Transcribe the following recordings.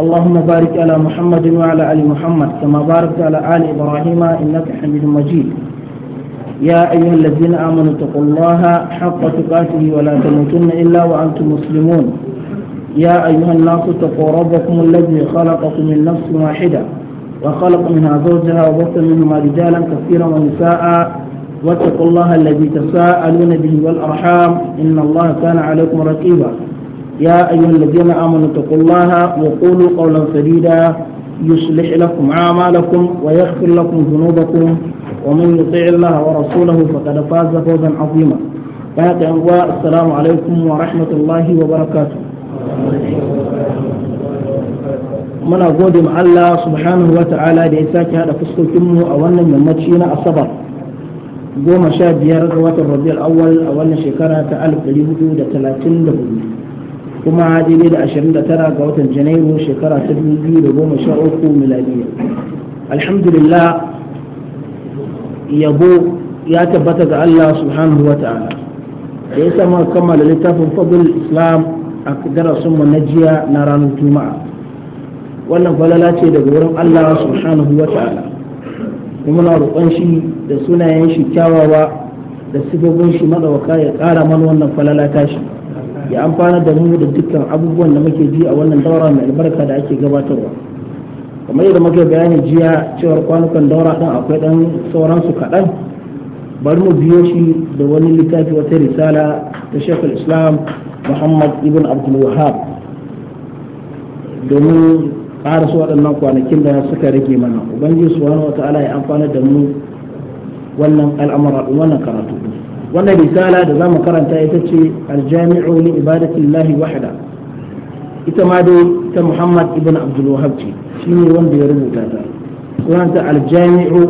اللهم بارك على محمد وعلى آل محمد كما باركت على آل إبراهيم إنك حميد مجيد يا أيها الذين آمنوا اتقوا الله حق تقاته ولا تموتن إلا وأنتم مسلمون يا أيها الناس اتقوا ربكم الذي خلقكم من نفس واحدة وخلق منها زوجها وبث منهما رجالا كثيرا ونساء واتقوا الله الذي تساءلون به والأرحام إن الله كان عليكم رقيبا يا أيها الذين آمنوا اتقوا الله وقولوا قولا سديدا يصلح لكم أعمالكم ويغفر لكم ذنوبكم ومن يطع الله ورسوله فقد فاز فوزا عظيما السلام عليكم ورحمة الله وبركاته من أقول مع الله سبحانه وتعالى لإساك هذا فسكو كمه أولا من مجينا الصبر قوم شاب يا ربيع الأول أولا شكرا تعالى فليهدو لتلاتين لهم kuma daidai da 29 ga watan janairu shekara ta 2013 miladiya alhamdulillah yabo ya tabbata ga Allah subhanahu wa ta'ala da ya sama kammala littafin fadl islam a darasinmu na jiya na ranar juma'a wannan falala ce daga wurin Allah subhanahu wa ta'ala kuma na roƙon shi da sunayen shi kyawawa da sifofin shi madawaka ya ƙara mana wannan falala tashi ya amfana da mu da dukkan abubuwan da muke ji a wannan daura mai albarka da ake gabatarwa kamar yadda muke bayani jiya cewar kwanukan daura ɗin akwai ɗan sauransu kaɗan bari mu biyo shi da wani littafi wata risala ta shekul islam muhammad ibn abdul wahab domin ƙara su waɗannan kwanakin da suka rage mana ubangiji wani wata ala ya amfana da mu wannan al'amura wannan karatu wannan risala da zamu karanta ita ce aljami'u li ibadatillahi wahda ita ma dai ta Muhammad ibn Abdul Wahhab ce shine wanda ya rubuta ta sunanta aljami'u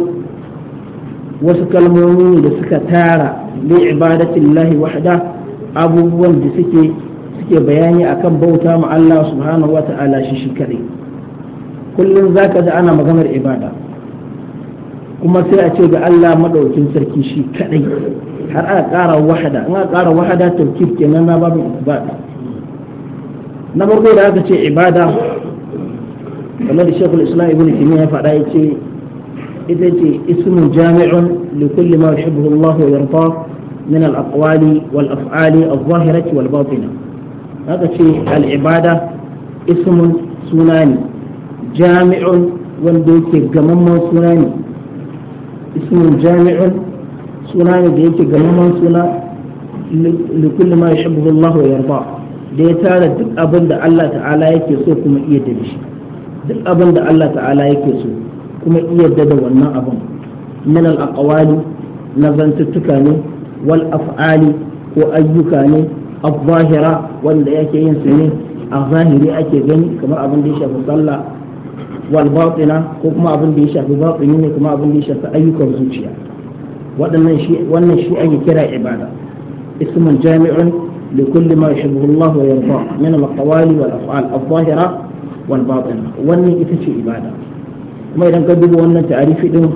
wasu kalmomi da suka tara li ibadatillahi wahda abubuwan da suke suke bayani akan bauta ma Allah subhanahu wa ta'ala shi shi kadai kullum zaka ji ana maganar ibada kuma sai a ce ga Allah madaukin sarki shi kadai har aka ƙara wahada in aka ƙara wahada tawkif kenan na babu isbat na farko da aka ce ibada kamar da shekul islam ibn timiya ya faɗa ya ce ita ce ismun jami'un li kulli ma yuhibbu Allah wa yarda min al-aqwali wal af'ali adh-dhahirati wal batina haka ce al-ibada ismun sunani jami'un wanda yake gamamman sunani ismun jami'un suna ne da yake gamaman suna likulli ma yashbuhu Allah wa yarda da ya tara duk abin da Allah ta'ala yake so kuma iya da shi duk abin da Allah ta'ala yake so kuma iya da wannan abin min al aqwali na zantuttuka ne wal af'ali ko ayyuka ne al-zahira wanda yake yin su ne a zahiri ake gani kamar abin da ya shafi sallah wal batina ko kuma abin da ya shafi batini ne kuma abin da ya shafi ayyukan zuciya wannan shi ake kira ibada ismun jami'un li kulli ma yuhibbu Allah wa yarda min al-qawali wal af'al adh-dhahira wal batina wannan ita ce ibada kuma idan ka duba wannan ta'arifi din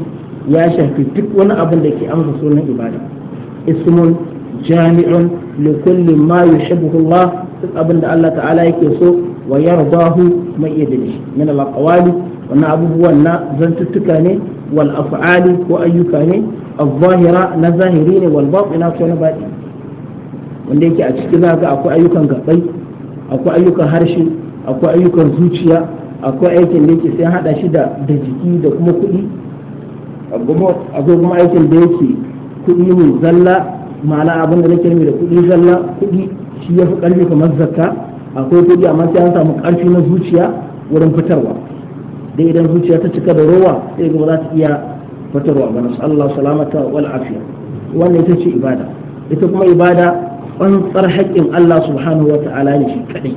ya shafi duk wani abin da ke amsa sunan ibada ismun jami'un li kulli ma yuhibbu Allah duk abin da Allah ta'ala yake so wa yardahu mai iya shi min al-qawali wannan abubuwan na zantuttuka ne wal af'ali ko ayyuka ne al na zahiri ne wal ko na baɗi wanda yake a ciki za ga akwai ayyukan gabai akwai ayyukan harshe akwai ayyukan zuciya akwai aikin da yake sai hada shi da da jiki da kuma kuɗi akwai kuma aikin da yake kuɗi ne zalla ma'ana abin da nake da kuɗi zalla kuɗi shi ya fi ƙarfi kamar zakka akwai kuɗi amma sai an samu ƙarfi na zuciya wurin fitarwa dai idan zuciya ta cika da rowa sai ga za ta iya fitarwa ba nasu Allah salamata wal afiya wannan ita ce ibada ita kuma ibada tsantsar haƙƙin Allah subhanahu wa ta'ala ne shi kadai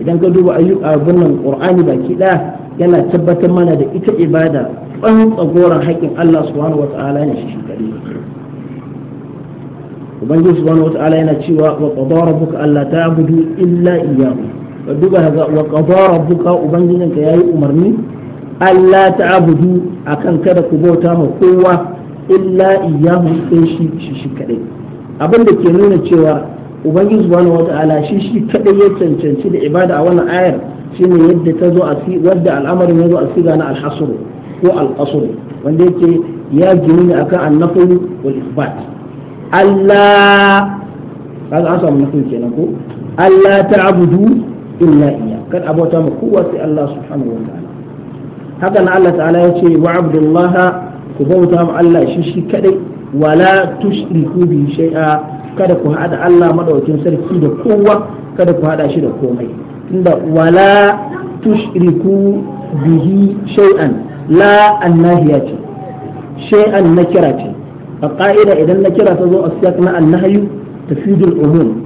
idan ka duba ayyuka nan qur'ani baki ɗaya yana tabbatar mana da ita ibada goran haƙƙin Allah subhanahu wa ta'ala ne shi kadai ubangiji subhanahu wa ta'ala yana cewa wa qadara rabbuka alla ta'budu illa iyyahu ka duba ga wa qadara rabbuka ubangijinka yayi umarni Allah ta a akan kada ku bauta ma kowa illa iyyahu sai shi shi shi kadai abin da ke nuna cewa ubangiji subhanahu wata'ala shi shi kadai ya cancanci da ibada a wannan ayar shine yadda ta zo a wadda al'amarin ya zo a siga na al-hasr ko al-qasr wanda yake ya gini ne akan an-nafi wal isbat Allah kaga an samu kenan ko Allah illa iya kada abota ma kowa sai Allah subhanahu wata'ala haka na Allah ta'ala ya ce wa abdullah ku bauta ma Allah shi shi kadai wala tushriku bi shay'a kada ku hada Allah madaukin sarki da kowa kada ku hada shi da komai inda wala tushriku bihi shay'an la annahiya ce shay'an nakira ce a ka'ida idan nakira ta zo a siyak na annahayu tafidul umum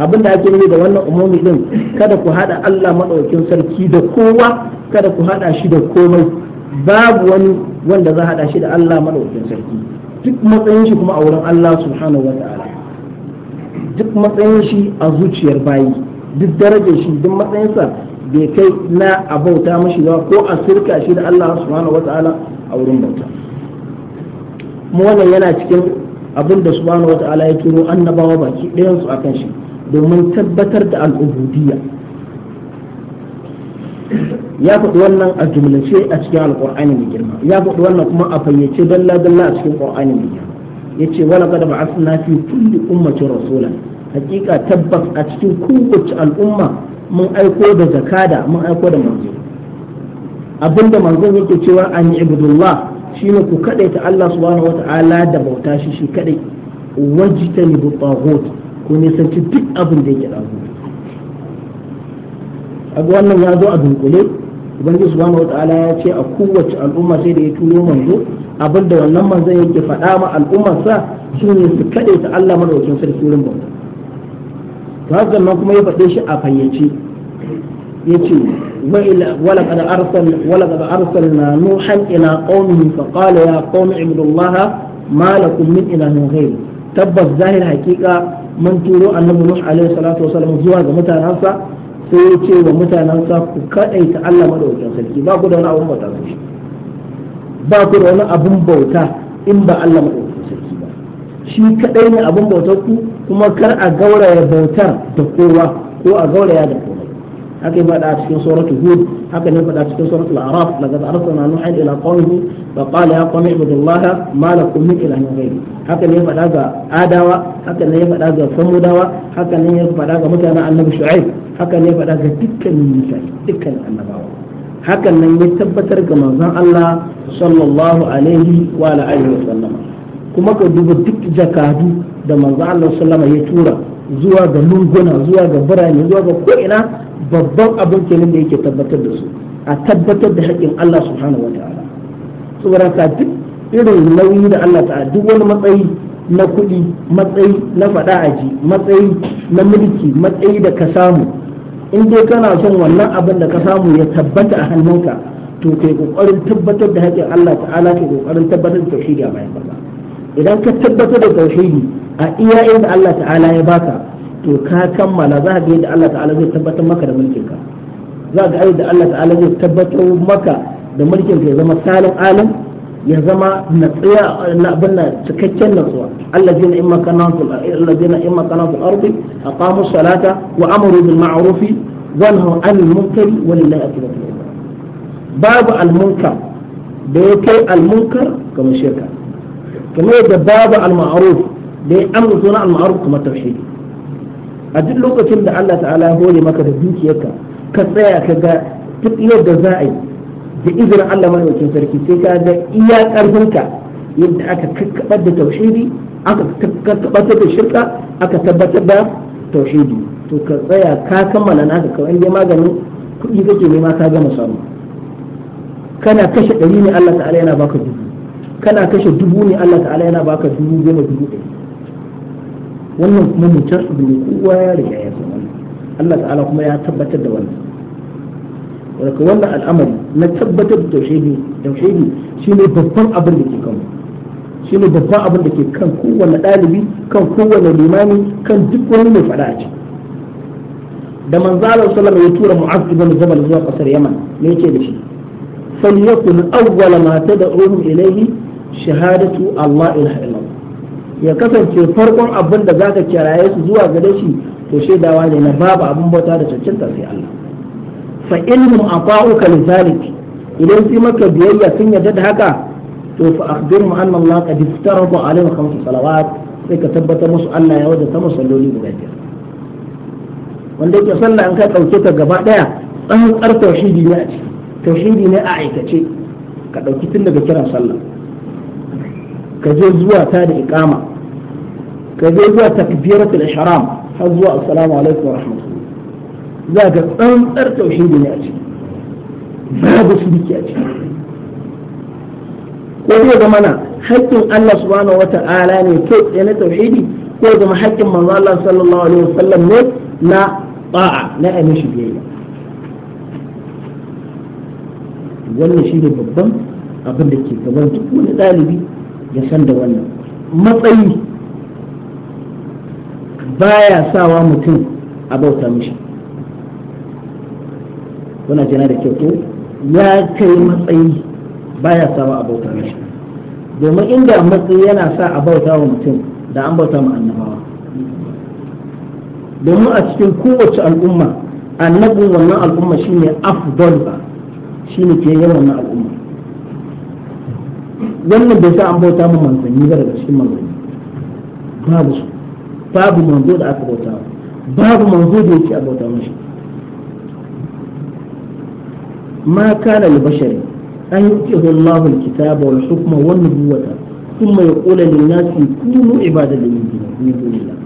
abin da ake nufi da wannan umumi din kada ku hada Allah madaukin sarki da kowa kada ku hada shi da komai babu wani wanda za hada shi da Allah madaukin sarki duk matsayin shi kuma a wurin Allah subhanahu wataala duk matsayin shi a zuciyar bayi duk darajar shi duk matsayinsa bai kai na a bauta mashi ba ko a sirka shi da Allah subhanahu wataala a wurin bauta mu wannan yana cikin abin da subhanahu wataala ya turo annabawa baki ɗayan su akan shi domin tabbatar da al'ubudiyya ya faɗi wannan a jumlace a cikin alƙur'ani mai girma ya faɗi wannan kuma a fayyace dalla dalla a cikin alƙur'ani mai girma ya yace wala qad na fi kulli ummatin rasula hakika tabbas a cikin kowace al'umma mun aiko da zakada mun aiko da manzo abinda manzon yake cewa an yi shi shine ku kadaita Allah subhanahu wata'ala da bauta shi shi kadai wajtani bi taghut ko nisanci duk abin da yake ɗazu a wannan ya zo a dunkule ubangiji subhanahu wata'ala ya ce a kowace al'umma sai da ya turo manzo abin da wannan manzon yake faɗa ma al'ummar sa ne su kaɗe ta Allah madaukakin sarki wurin bauta to haka nan kuma ya faɗe shi a fayyace yace ce ولقد أرسل ولقد أرسلنا نوحا إلى قومه فقال يا قوم اعبدوا الله ما لكم من إله tabbas zahir hakika mun turo annabi nuh alaihi salatu wasallam zuwa ga mutanansa sai ya ce wa mutanansa ku kadaita Allah madaukakin sarki ba ku da wani abun bauta ba ku da wani abun bauta in ba Allah madaukakin sarki ba shi kadai ne abun bautar ku kuma kar a gauraya bautar da kowa ko a gauraya da haka ya faɗa a cikin suratul hud haka ne faɗa cikin suratul araf laqad arsalna nuhan ila qaumihi fa qala ya qaumi ibudullaha ma lakum min ilahin ghayri haka ne ya da ga adawa haka ne ya da ga samudawa haka ne ya da ga mutanen annabi shu'aib haka ne ya da ga dukkanin mutane dukkanin annabawa hakan nan ya tabbatar ga manzon Allah sallallahu alaihi wa alihi wa kuma ka duba duk jakadu da manzon Allah sallama ya tura zuwa ga lunguna zuwa ga birane zuwa ga ko'ina babban abin kenan da yake tabbatar da su a tabbatar da haƙƙin Allah subhanahu wata'ala saboda ta duk irin nauyi da Allah ta duk wani matsayi na kuɗi matsayi na faɗa ji matsayi na mulki matsayi da ka samu in dai kana son wannan abin da ka samu ya tabbata a hannunka to kai kokarin tabbatar da haƙƙin Allah ta'ala kai kokarin tabbatar da tauhidi a bayan idan ka tabbatar da tauhidi a iya da Allah ta'ala ya baka to ka kammala za ga yadda Allah ta'ala zai tabbatar maka da mulkin ka za ga yadda Allah ta'ala zai tabbatar maka da mulkin ka ya zama salim alim ya zama na tsaya na abin na cikakken natsuwa allazina in makanatu allazina in makanatu ardi aqamu salata wa amuru bil ma'ruf wa nahu anil munkari wa lillahi akbar babu al munkar da ya kai al munkar kamar shirka kamar yadda babu al ma'ruf da ya amsa na al ma'ruf kamar tauhidi a duk lokacin da Allah ta'ala ya hore maka da dukiyarka ka tsaya ka ga duk yadda za a yi da izinin Allah madaukakin sarki sai ka ga iya karfinka yadda aka kakkabar da tauhidi aka tabbatar da shirka aka tabbatar da tauhidi to ka tsaya ka kammala naka ka wani maganin kuɗi kake nema ka gama samu kana kashe ɗari ne Allah ta'ala yana baka dubu kana kashe dubu ne Allah ta'ala yana baka dubu goma dubu ɗari wannan kuma mutar abu ne kowa ya riga ya zama wannan Allah ta'ala kuma ya tabbatar da wannan daga wannan al'amari na tabbatar da tauhidi tauhidi shine babban abin da ke kanmu shine babban abin da ke kan kowanne ɗalibi kan kowanne limami kan duk wani mai fada a ciki da manzala sallama ya tura mu'az ibn jabal zuwa kasar yaman me yake da shi falyakun awwala ma tad'uhum ilayhi shahadatu allah ilaha ya kasance farkon abin da zaka kiraye su zuwa gare shi to shaidawa ne na babu abin bauta da cancanta sai Allah fa ilmu aqa'uka lidhalik idan sai maka biyayya sun yarda da haka to fa akhbirhum anna Allah qad istarada alaihim khamsu salawat sai ka tabbatar musu Allah ya wada ta musalloli guda biyar wanda yake sallah an ka dauke ta gaba daya tsantsar tauhidi ne a ciki tauhidi ne a aikace ka dauki tun daga kiran sallah ka je zuwa ta da iqama ka je zuwa takbiratul ihram har zuwa assalamu alaikum wa rahmatullah za ka tsantsar tauhidi ne a ciki babu shirki a ciki ko zai zama na haƙƙin Allah subhanahu wa ta'ala ne ke tsaye na tauhidi ko zama haƙƙin manzo Allah sallallahu alaihi wasallam ne na ba'a na ainihin shi biyayya wannan shi ne babban abin da ke gaban duk wani ɗalibi ya san da wannan matsayi baya sawa mutum a bauta mishi kuna jina da kyau ko ya kai matsayi baya sawa a bauta mishi domin inda matsayi yana sa a bauta wa mutum da an bauta ma annabawa domin a cikin kowace al'umma annabin wannan al'umma shine afdal ba shine ke yawan wannan al'umma wannan bai sa an bauta mu manzanni ba daga cikin manzanni babu su babu manzo da aka bauta babu manzo da yake a bauta mashi ma kana li bashari an yuki Allahu alkitaba wal hukma wan nubuwata thumma yaqulu lin nasi kunu ibadatan min dunillah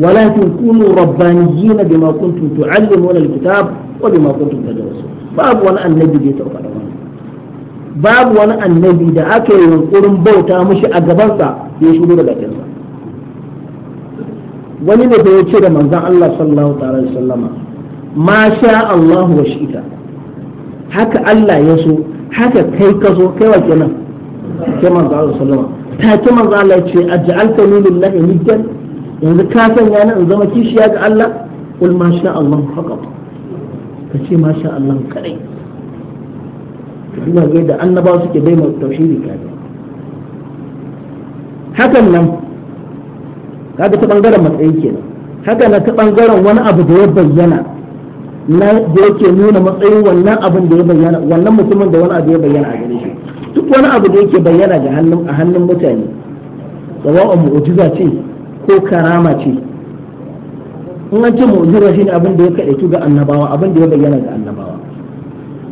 walakin kunu rabbaniyina bima kuntum tu'allimuna alkitab wa bima kuntum tadrusun babu wani annabi da ya tauka da babu wani annabi da aka yi yunkurin bauta mushi a gabansa ya shigo da bakinsa wani ne da ya ce da manzan Allah sallallahu ta'ala da sallama ma sha Allah wa shi'ita haka Allah ya so haka kai ka so kai wa kenan ke manzan Allah sallama ta ke manzan Allah ya ce aj'alta lillahi niddan yanzu ka sanya ni in zama kishiya ga Allah kul ma sha Allah faqat ka ce ma sha Allah kadai duba ga yadda annabawa suke bai mai tauhidi kafi hakan nan kaga ta bangaren matsayi kenan haka na ta bangaren wani abu da ya bayyana na da yake nuna matsayin wannan abin da ya bayyana wannan mutumin da wani abu ya bayyana a gare shi duk wani abu da yake bayyana ga hannun a hannun mutane sawa'un mu'ujiza ce ko karama ce in an ce shi shine abin da ya kadaitu ga annabawa abin da ya bayyana ga annabawa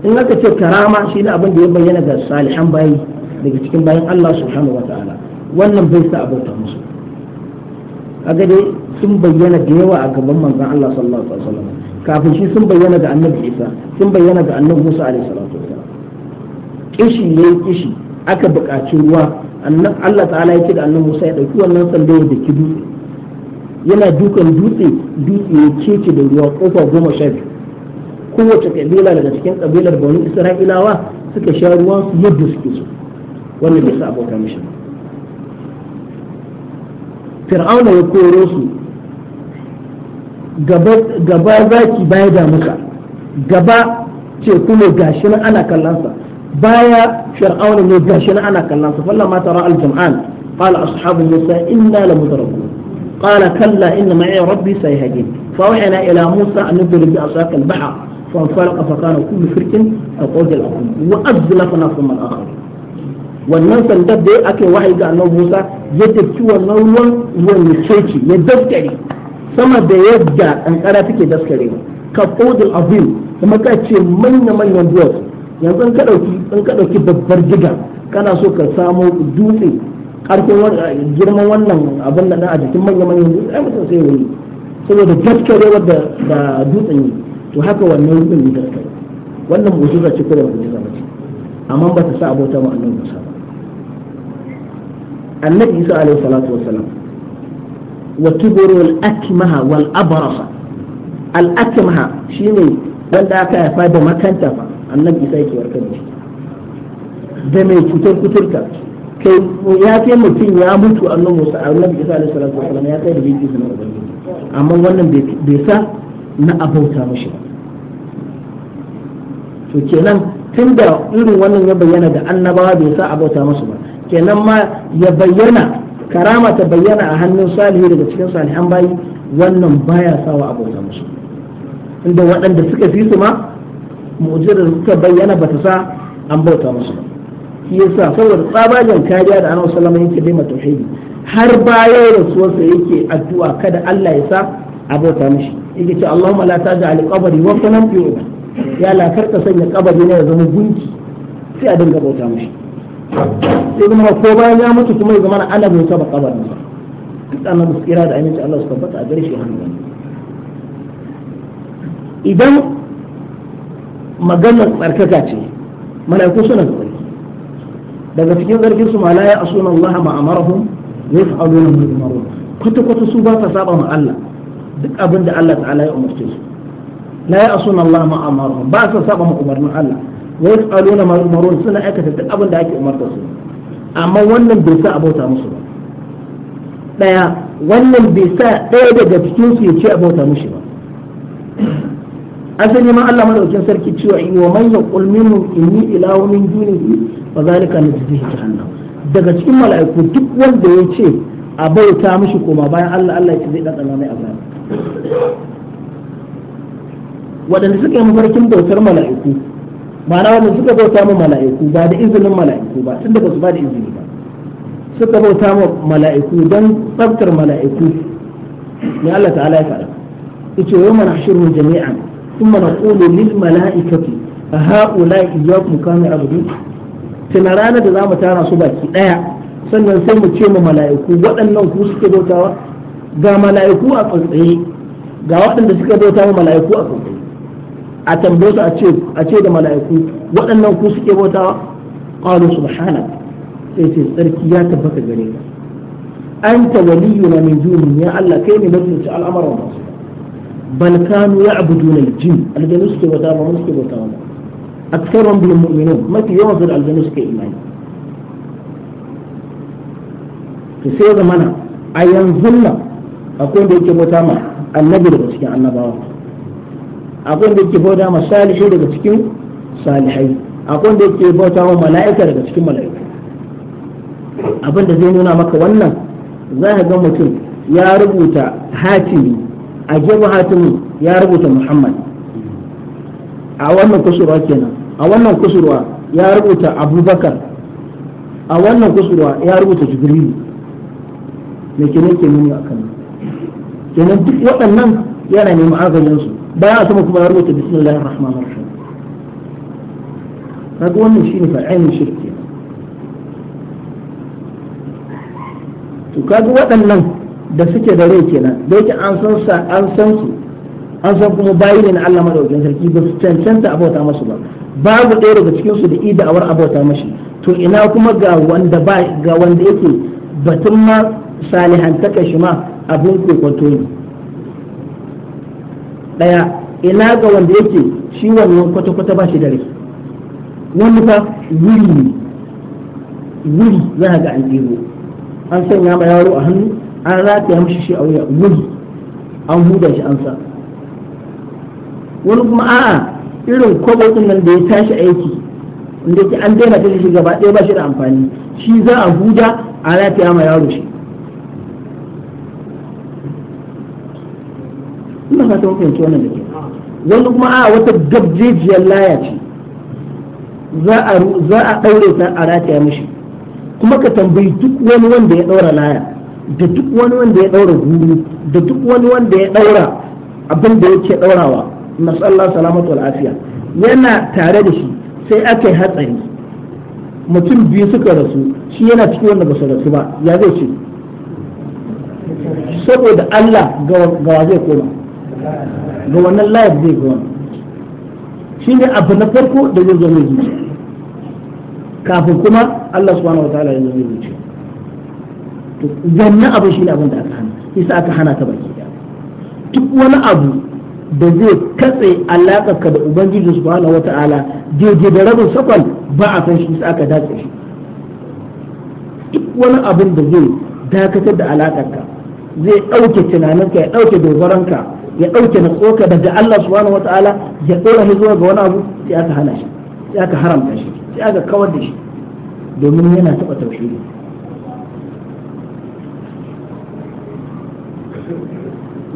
in aka ce karama ne abin da ya bayyana ga salihan bayi daga cikin bayan Allah subhanahu ta'ala wannan bai sa abota musu kaga dai sun bayyana da yawa a gaban manzon Allah sallallahu alaihi wasallam kafin shi sun bayyana ga annabi Isa sun bayyana ga annabi Musa alaihi salatu wasallam kishi ne kishi aka buƙaci ruwa annan Allah ta'ala ya ce da annabi Musa ya dauki wannan sandar da ki dutse yana dukan dutse dutse ya kece da ruwa kofa goma sha biyu kowace kabila daga cikin kabilar banu isra'ilawa suka sha ruwan su yadda suke so wannan bai sa abota mishi fir'auna ya koro su gaba zaki baya damuka gaba ce kuma gashi na ana kallansa baya fir'auna ne gashi na ana kallansa falla ma tara al-jam'an qala ashabu musa inna la mudrakun قال كلا إن معي ربي سيهدين فوحنا إلى موسى أن نضرب بعصاك البحر فانفلق فكان كل فرق القوج الأقوم وأزلفنا ثم الآخر wannan sandar da ake wahayi ga annabi Musa ya tafi wannan ruwan ruwan ya ceci ya daskare sama da yadda kankara take daskare ka kodin abin kuma ka ce manya manyan duwatsu yanzu in ka dauki in ka dauki babbar diga kana so ka samu dutse karfin girman wannan abin da a jikin manya manyan dutse ai mutum sai wani saboda daskare daskarewar da dutsen yi to haka wannan rubin ne da kai wannan mu'jiza ce ko ba mu'jiza ba ce amma ba ta sa abota ma annabi Musa ba annabi Isa alaihi salatu wassalam wa tuburu al-akmaha wal abrasa al-akmaha shine wanda aka haifa da makanta fa annabi Isa yake warkar da shi da mai cutar kuturta kai ya kai mutum ya mutu annabi Musa annabi Isa alaihi salatu wassalam ya kai da yake sanar da amma wannan bai sa na abauta mashi ba to kenan tunda irin wannan ya bayyana da annabawa bai sa a bauta musu ba kenan ma ya bayyana karama ta bayyana a hannun salihu daga cikin salihan bayi wannan baya sawa a bauta musu inda waɗanda suka fi su ma mu'jizar da suka bayyana ba ta sa an bauta musu ba shi yasa saboda tsabagen kariya da annabi sallallahu alaihi wasallam yake bai tauhidi har bayan rasuwarsa yake addu'a kada Allah ya sa a bauta mishi yake ce Allahumma la taj'al qabri wa sanan fi ya lafar ka sanya kabari ne ya zama gunki sai a dinga bauta mashi sai kuma ko bayan ya mutu kuma ya zama ana bauta ba kabarin sa duk annabi tsira da aminci Allah su tabbata a gare shi hannu idan maganar tsarkaka ce mala'iku suna da tsarki daga cikin zargin su mala a sunan Allah ma amarahum wa yaf'aluna ma yumarun kwata kwata su ba ta saba ma Allah duk abin da Allah ta'ala ya umarce su لا ya'suna Allah ما amaru ba su saba ma umarnin Allah ما yas'aluna ma yumarun suna aikata da abun da ake umarta su amma wannan bai sa abota musu ba daya wannan bai sa daya daga cikinsu ya ce ومن يقول ba asali ma من دونه sarki cewa in wa daga cikin mala'iku duk wanda ya ce a bauta mishi koma bayan Allah Allah ya ce zai dan mai azaba waɗanda suka yi mafarkin bautar mala'iku ma'ana wanda suka bauta mu mala'iku ba da izinin mala'iku ba tunda ba su ba da izini ba suka bauta mu mala'iku don tsabtar mala'iku ne Allah ta'ala ya faɗa yace yawma nahshuruhum jami'an thumma naqulu lil mala'ikati a ha'ula'i iyyakum kanu abudun tana ranar da za mu tara su baki ɗaya sannan sai mu ce ma mala'iku waɗannan ku suke bautawa ga mala'iku a tsantsaye ga waɗanda suka bauta ma mala'iku a tsantsaye a tambaye su a ce da mala'iku waɗannan ku suke bautawa qalu subhanak sai ce tsarki ya tabbata gare ka anta waliyuna min duni ya Allah kai ne mutunci al'amuran masu balkanu ya abu al-jin aljanu suke bauta ba mun suke bautawa ba aktsaran bil mu'minun mafi yawan su da aljanu suke imani to sai zamana a yanzu nan akwai da yake bauta ma annabi daga cikin annabawa akwai da yake bauta ma salihai daga cikin salihai akwai da yake bauta ma mala'ika daga cikin mala'ika abin da zai nuna maka wannan za ka ga mutum ya rubuta hatimi a gefe hatimin ya rubuta muhammad a wannan kusurwa kenan a wannan kusurwa ya rubuta abubakar a wannan kusurwa ya rubuta jibrilu me kenan ke nuni a kan kenan duk waɗannan yana neman agajinsu bayan a sama kuma ya rubuta bismillahir rahmanir rahim kaga wannan shine fa'ayin shirki to kaga waɗannan da suke da rai kenan da yake an san sa an san su an san kuma bayi ne na Allah madaukakin sarki ba su cancanta abota masu ba babu ɗaya daga cikin su da ida awar abota mashi to ina kuma ga wanda ba ga wanda yake batun ma salihantaka shi ma abin kokonto ne daya ina ga wanda yake shi wannan kwata-kwata ba shi da rai wani fa wuri ne wuri za a ga an ɗebo an sanya ma yaro a hannu an rataya mashi shi a wuya wuri an huda shi an sa wani kuma a'a irin kwabo nan da ya tashi aiki inda ke an daina ta shi gaba ɗaya ba shi da amfani shi za a huda a rataya ma yaro shi wani kuma a wata gabjejiyar laya ce za a ta a rataya mishi kuma ka tambayi duk wani wanda ya daura laya da duk wani wanda ya daura guru da duk wani wanda ya ɗaura abinda yake ɗaurawa nasallahu salamatu al'afiya yana tare da shi sai aka yi hatsari mutum biyu suka rasu shi yana cikin wanda ba su rasu ba ya zai ce saboda Allah gawa zai koma ga wannan layar zai ga wani shi ne abu na farko da zai zo mai zuci kafin kuma Allah subhanahu wa ta'ala ya zo mai zuci to wannan abu shi ne abin da aka hana isa aka hana ta baki duk wani abu da zai katse alaƙarka da ubangiji subhanahu wa ta'ala daidai da rabin sakwal ba a san shi isa aka dace shi duk wani abin da zai dakatar da alaƙarka zai ɗauke tunaninka ya ɗauke dogaranka ya ɗauke na tsoka daga Allah subhanahu wa ta'ala ya ɗora ni zuwa ga wani abu sai aka hana shi sai aka haramta shi sai aka kawar da shi domin yana taɓa tauhidi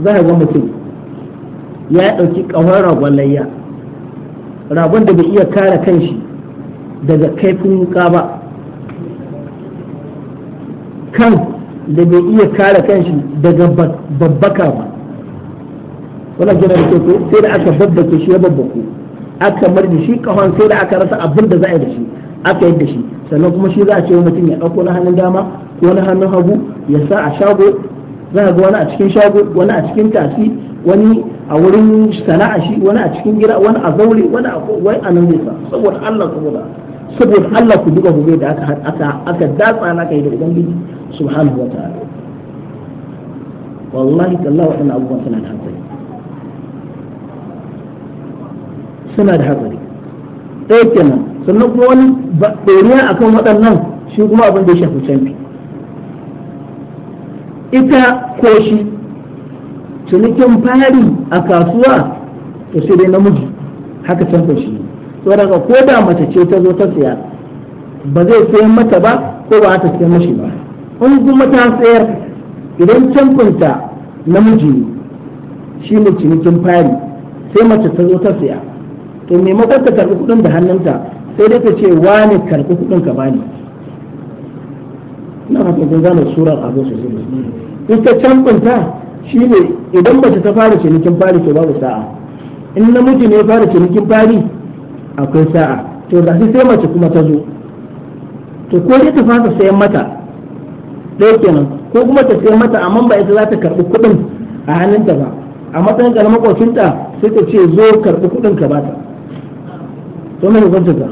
za ga mutum ya ɗauki ƙawar ragon layya ragon da bai iya kare kanshi daga kaifin wuka ba kan da bai iya kare kanshi daga babbaka ba wannan gina da ko sai da aka babbake shi ya babbako aka mar da shi kahon sai da aka rasa abin da za a yi da shi aka yi da shi sannan kuma shi za a ce mutum ya ɗauko na hannun dama ko na hannun hagu ya sa a shago za a ga wani a cikin shago wani a cikin tasi wani a wurin sana'a shi wani a cikin gida wani a zaure wani a wai a nan nesa saboda Allah saboda saboda Allah ku duka ku da aka aka aka datsa na kai da ubangiji subhanahu wataala wallahi tallahi wadannan abubuwan suna da hankali suna da hatsari ɗaya kenan sannan kuma wani ɗoriya akan waɗannan shi kuma abin da ya shafi canfi ita ko shi cinikin fari a kasuwa to sai dai namiji haka canfa shi daga ko da mace ce ta zo ta siya ba zai sayan mata ba ko ba ta sayan mashi ba in kuma ta sayar idan canfinta namiji ne shi ne cinikin fari sai mace ta zo ta siya to maimakon ta karɓi kuɗin da hannunta sai dai ta ce wani karɓi kuɗin ka bani na fata kun gano surar su sosai ita canɓinta shi ne idan mace ta fara cinikin fari to babu sa'a in namiji ne ya fara cinikin fari akwai sa'a to da sai mace kuma ta zo to ko dai ta fasa sayan mata ɗaya kenan ko kuma ta sayan mata amma ba ita za ta karɓi kuɗin a hannunta ba a matsayin ƙaramin makocinta sai ta ce zo karɓi kuɗin ka bata to mai hujjarka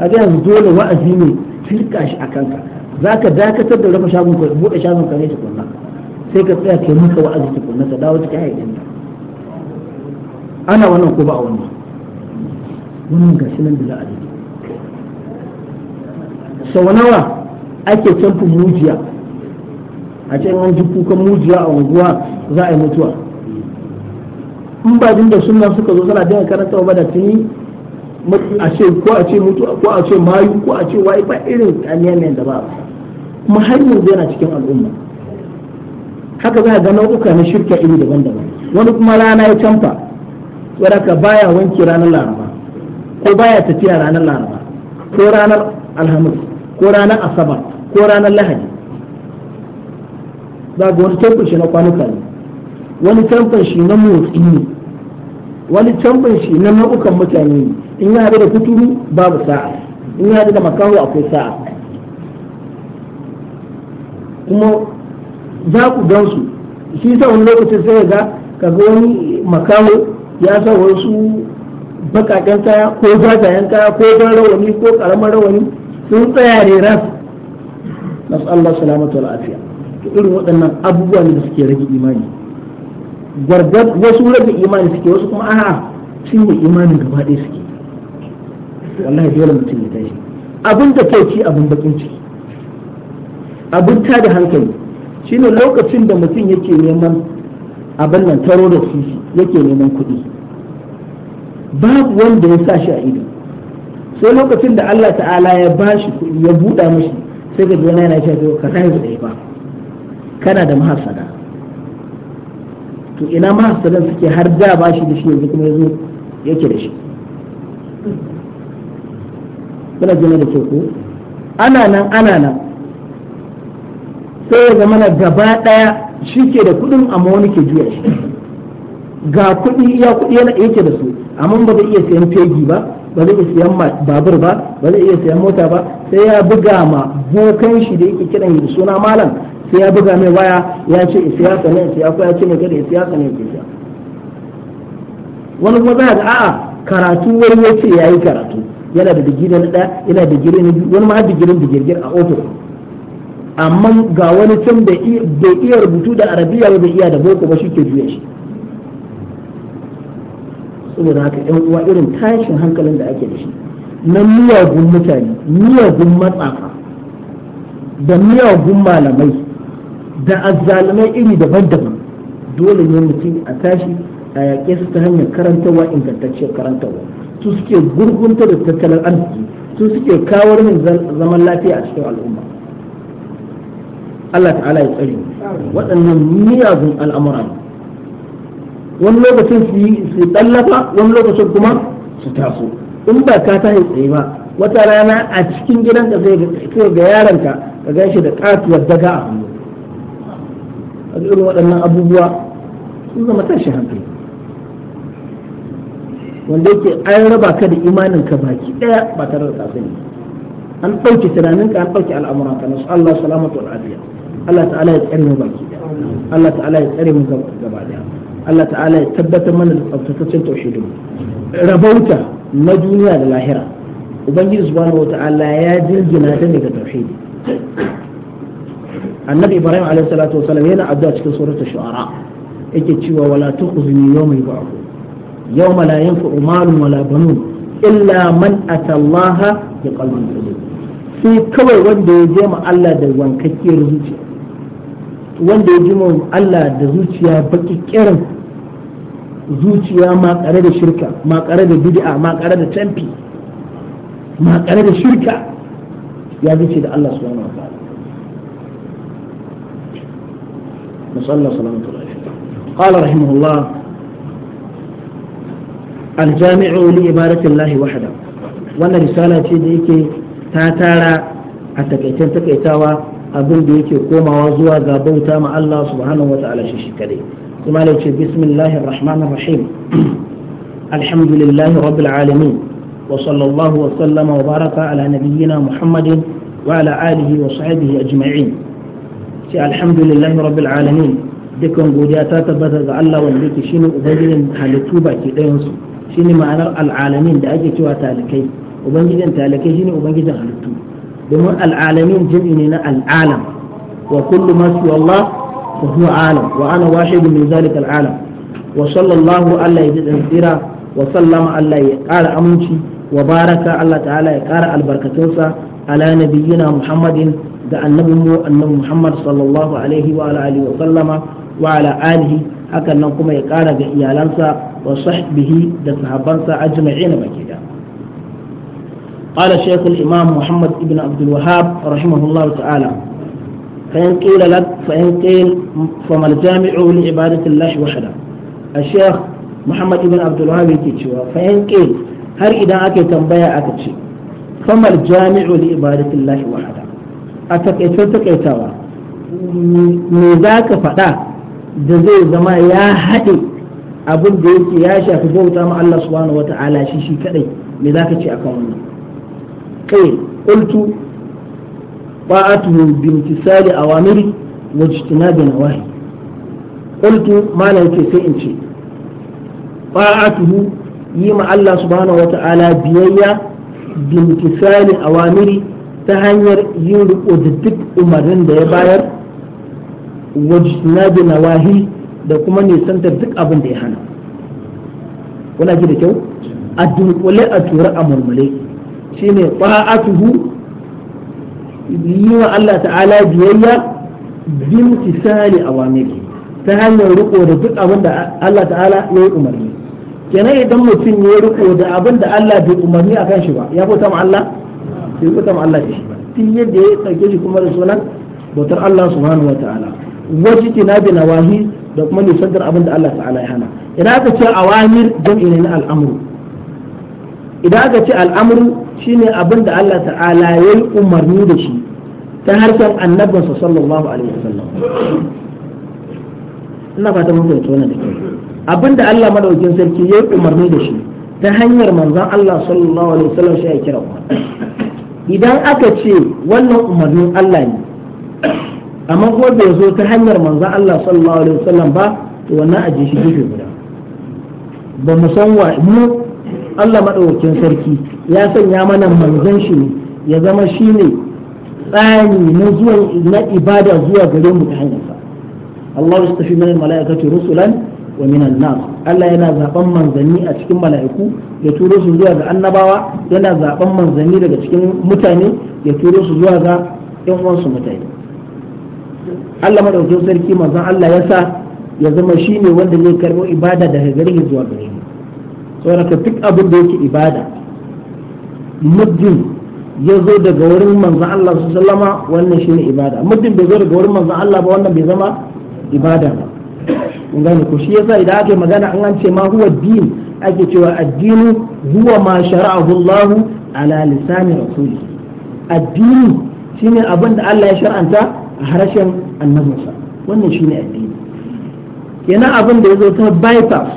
a ga yanzu dole wa'azi ne tilka shi a kanka za ka dakatar da rufe shagon ka buɗe shagon ka ta tukunna sai ka tsaya ke muka wa'azi tukunna ka dawo cikin hayyacin ana wannan ko ba a wannan wannan gashi nan da za a yi sau nawa ake canfin mujiya a ce an ji kukan mujiya a unguwa za a yi mutuwa in ba din da sunan suka zo suna biyan karanta ba da tuni a ce ko a ce mutu ko a ce mayu ko a ce waye ba irin kaniyan da ba kuma har yanzu yana cikin al'umma haka za a ga nau'uka na shirka iri daban-daban wani kuma rana ya canfa ka baya wanki ranar laraba ko baya tafiya ranar laraba ko ranar alhamis ko ranar asabar ko ranar lahadi za ga wani canfin shi na kwanuka ne wani canfin shi na motsi ne wani canfin shi na nau'ukan mutane ne in ya haɗu da kuturu babu sa'a in ya haɗu da makaho akwai sa'a kuma za ku gansu shi sa wani lokacin sai ga kaga wani makaho ya sa wasu bakaken kaya ko zagayen kaya ko ban rawani ko karamar rawani sun tsaya da ras su Allah salamatu lafiya to irin waɗannan abubuwa ne da suke rage imani gwargwar wasu rage imani suke wasu kuma a'a cinye imanin gaba ɗaya suke wallahi dole mutum ya tashi abin da kai ci abin bakin ciki abin ta da hankali shine lokacin da mutum yake neman abin nan taro da sisi yake neman kuɗi babu wanda ya sa shi a ido sai lokacin da Allah ta'ala ya bashi kuɗi ya buɗa mashi sai ga jona yana cewa ka tashi da ba kana da mahasada to ina mahasadan suke har da bashi da shi yanzu kuma yazo yake da shi muna jina da ko ana nan ana nan sai ya zama na gaba daya shi ke da kudin amma wani ke juya shi ga kudi iya kudi yana yake da su amma ba zai iya sayan fegi ba ba zai iya sayan babur ba ba zai iya sayan mota ba sai ya buga ma bokan shi da yake kiran da suna malam sai ya buga mai waya ya ce isiya sanin isiya ko ya ce mai kada isiya sanin ya wani kuma za ga a'a karatu wani ya ce ya yi karatu yana da digiri na ɗaya yana da digiri na biyu wani ma digirin digirgir a ofis amma ga wani can bai iya rubutu da arabiya ba bai iya da boko ba shi ke juya shi saboda haka yan uwa irin tashin hankalin da ake da shi na miyagun mutane miyagun matsafa da miyagun malamai da azzalumai iri daban-daban dole ne mutum a tashi a yaƙe su ta hanyar karantarwa ingantacciyar karantarwa su suke gurgunta da tattalin arziki su suke kawo min zaman lafiya a cikin al'umma Allah ta'ala ya tsari waɗannan miyagun al'amura ne wani lokacin su yi su tallafa wani lokacin kuma su taso in ba ka tashi tsaye ba wata rana a cikin gidan ka sai ga yaronka ka gan shi da katuwar daga a hannu a irin waɗannan abubuwa sun zama tashi hankali wanda yake an raba ka da imanin ka baki daya ba tare da kasani an ɗauke tunanin ka an ɗauke al'amura ka nasu Allah salamatu wal afiya Allah ta'ala ya tsare mu baki Allah ta'ala ya tsare mu gaba daya Allah ta'ala ya tabbatar mana da tsaftataccen tauhidin rabauta na duniya da lahira ubangiji subhanahu wata'ala ya jirgina ta ne ga tauhidi annabi ibrahim alaihi salatu wasallam yana addu'a cikin suratul shu'ara yake cewa wala tuqzini yawma yub'ath Yau la yanfa'u malun wala banun illa man atallaha bi qalbin salim sai kawai wanda ya je Allah da wankakkiyar zuciya wanda ya ji ma Allah da zuciya baki kirin zuciya ma kare da shirka ma kare da bid'a ma kare da tamfi ma kare da shirka ya da Allah قال رحمه الله aljami'u li lahi wahda wannan risala ce da yake ta tara a takaicen takaitawa abin da yake komawa zuwa ga bauta ma Allah subhanahu wa ta'ala shi kadai kuma ne ce bismillahir rahmanir rahim alhamdulillahi rabbil alamin wa sallallahu wa sallama wa baraka ala nabiyyina muhammadin wa ala alihi wa sahbihi ajma'in ce alhamdulillahi rabbil alamin dukan godiya ta tabbata ga Allah wanda yake shine ubangijin halittu baki ɗayan su shine ma'anar al'alamin da ake cewa talikai ubangijin talikai shine ubangijin halittu domin al'alamin jim'i ne na al'alam wa kullu ma su Allah fa huwa alam wa ana wahidun min zalika al'alam wa sallallahu Allah ya ji tsira wa sallama Allah ya ƙara aminci wa baraka Allah ta'ala ya ƙara albarkatunsa ala nabiyyina Muhammadin da annabinmu annabi Muhammad sallallahu alaihi wa ala alihi wa sallama wa ala hakan nan kuma ya ƙara ga iyalansa wa sahbihi da sahabbansa ajma'in baki da qala shaykh al-imam muhammad ibn abd al-wahhab rahimahullah ta'ala fa in qila lak fa in qil fa mal jami'u li ibadati allah wahda al-shaykh muhammad ibn abd al-wahhab yake cewa fa in qil har idan aka tambaya aka ce fa mal jami'u li ibadati allah wahda a takaitawa me za ka faɗa da zai zama ya haɗe abin da yake ya shafi bauta ma Allah subhanahu wata'ala shi shi kadai me zaka ce akan wannan kai qultu ba'atuhu bi intisali awamiri wa ijtinabi nawahi qultu mala yake sai in ce ba'atuhu yi ma Allah subhanahu wata'ala biyayya bi intisali awamiri ta hanyar yin riko da duk umarnin da ya bayar wajnabi nawahi da kuma nisantar duk abin da ya hana kuna ji da kyau a dunkule a tura a mulmule shine ta'atuhu yi wa Allah ta'ala biyayya bin tisali awamiri ta hanyar riko da duk abin da Allah ta'ala ya yi umarni kenan idan mutum ya riko da abin da Allah bai umarni a kan shi ba ya kuta ma Allah ya kuta ma Allah shi ba tun yadda ya tsage shi kuma da sunan bautar Allah subhanahu wa ta'ala waje tina bi wahi da kuma nisantar abin da Allah ta'ala ya hana idan aka ce awamir jam'i ne na al'amru idan aka ce al'amru shine abin da Allah ta'ala ya yi umarni da shi ta harshen annabinsa sallallahu alaihi wasallam ina fata mun fahimci wannan da kyau abin da Allah madaukin sarki ya yi umarni da shi ta hanyar manzon Allah sallallahu alaihi wasallam shi ya kira idan aka ce wannan umarnin Allah ne amma kuma bai zo ta hanyar manzan Allah sallallahu alaihi wasallam ba to wannan aje shi gefe guda ba mu san wa mu Allah madaukakin sarki ya sanya mana manzan shi ne ya zama shi ne tsani na zuwa na ibada zuwa gare mu ta hanyar sa Allah ya tafi mana mala'ikatu rusulan wa minan nas Allah yana zaben manzanni a cikin mala'iku ya turo su zuwa ga annabawa yana zaben manzanni daga cikin mutane ya turo su zuwa ga yan uwansu mutane Allah madaukakin sarki manzon Allah ya sa ya zama shi ne wanda zai karɓo ibada daga gare shi zuwa gare shi saboda duk abin da yake ibada muddin ya zo daga wurin manzon Allah su sallama wannan shi ne ibada muddin bai zo daga wurin manzon Allah ba wannan bai zama ibada ba kun gane ko shi yasa idan ake magana an ce ma huwa din ake cewa addini huwa ma shara'ahu Allah ala lisani rasuli addini shine abin da Allah ya shar'anta harshen annabinsa wannan shi ne addini yana abin da ya zo ta bypass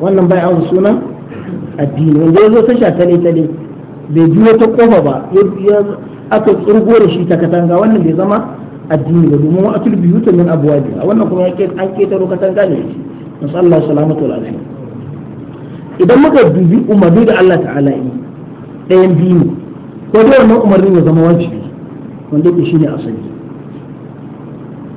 wannan bai awon sunan addini wanda ya zo ta sha tale tale bai biyo ta kofa ba ya aka tsirgo da shi ta katanga wannan bai zama addini ba domin wa atul biyuta min a wannan kuma an ketaro katanga ne masu Allah salamatu wal afiya idan muka dubi umarni da Allah ta'ala yi ɗayan biyu ko dai wannan umarnin ya zama wajibi wanda shi ne asali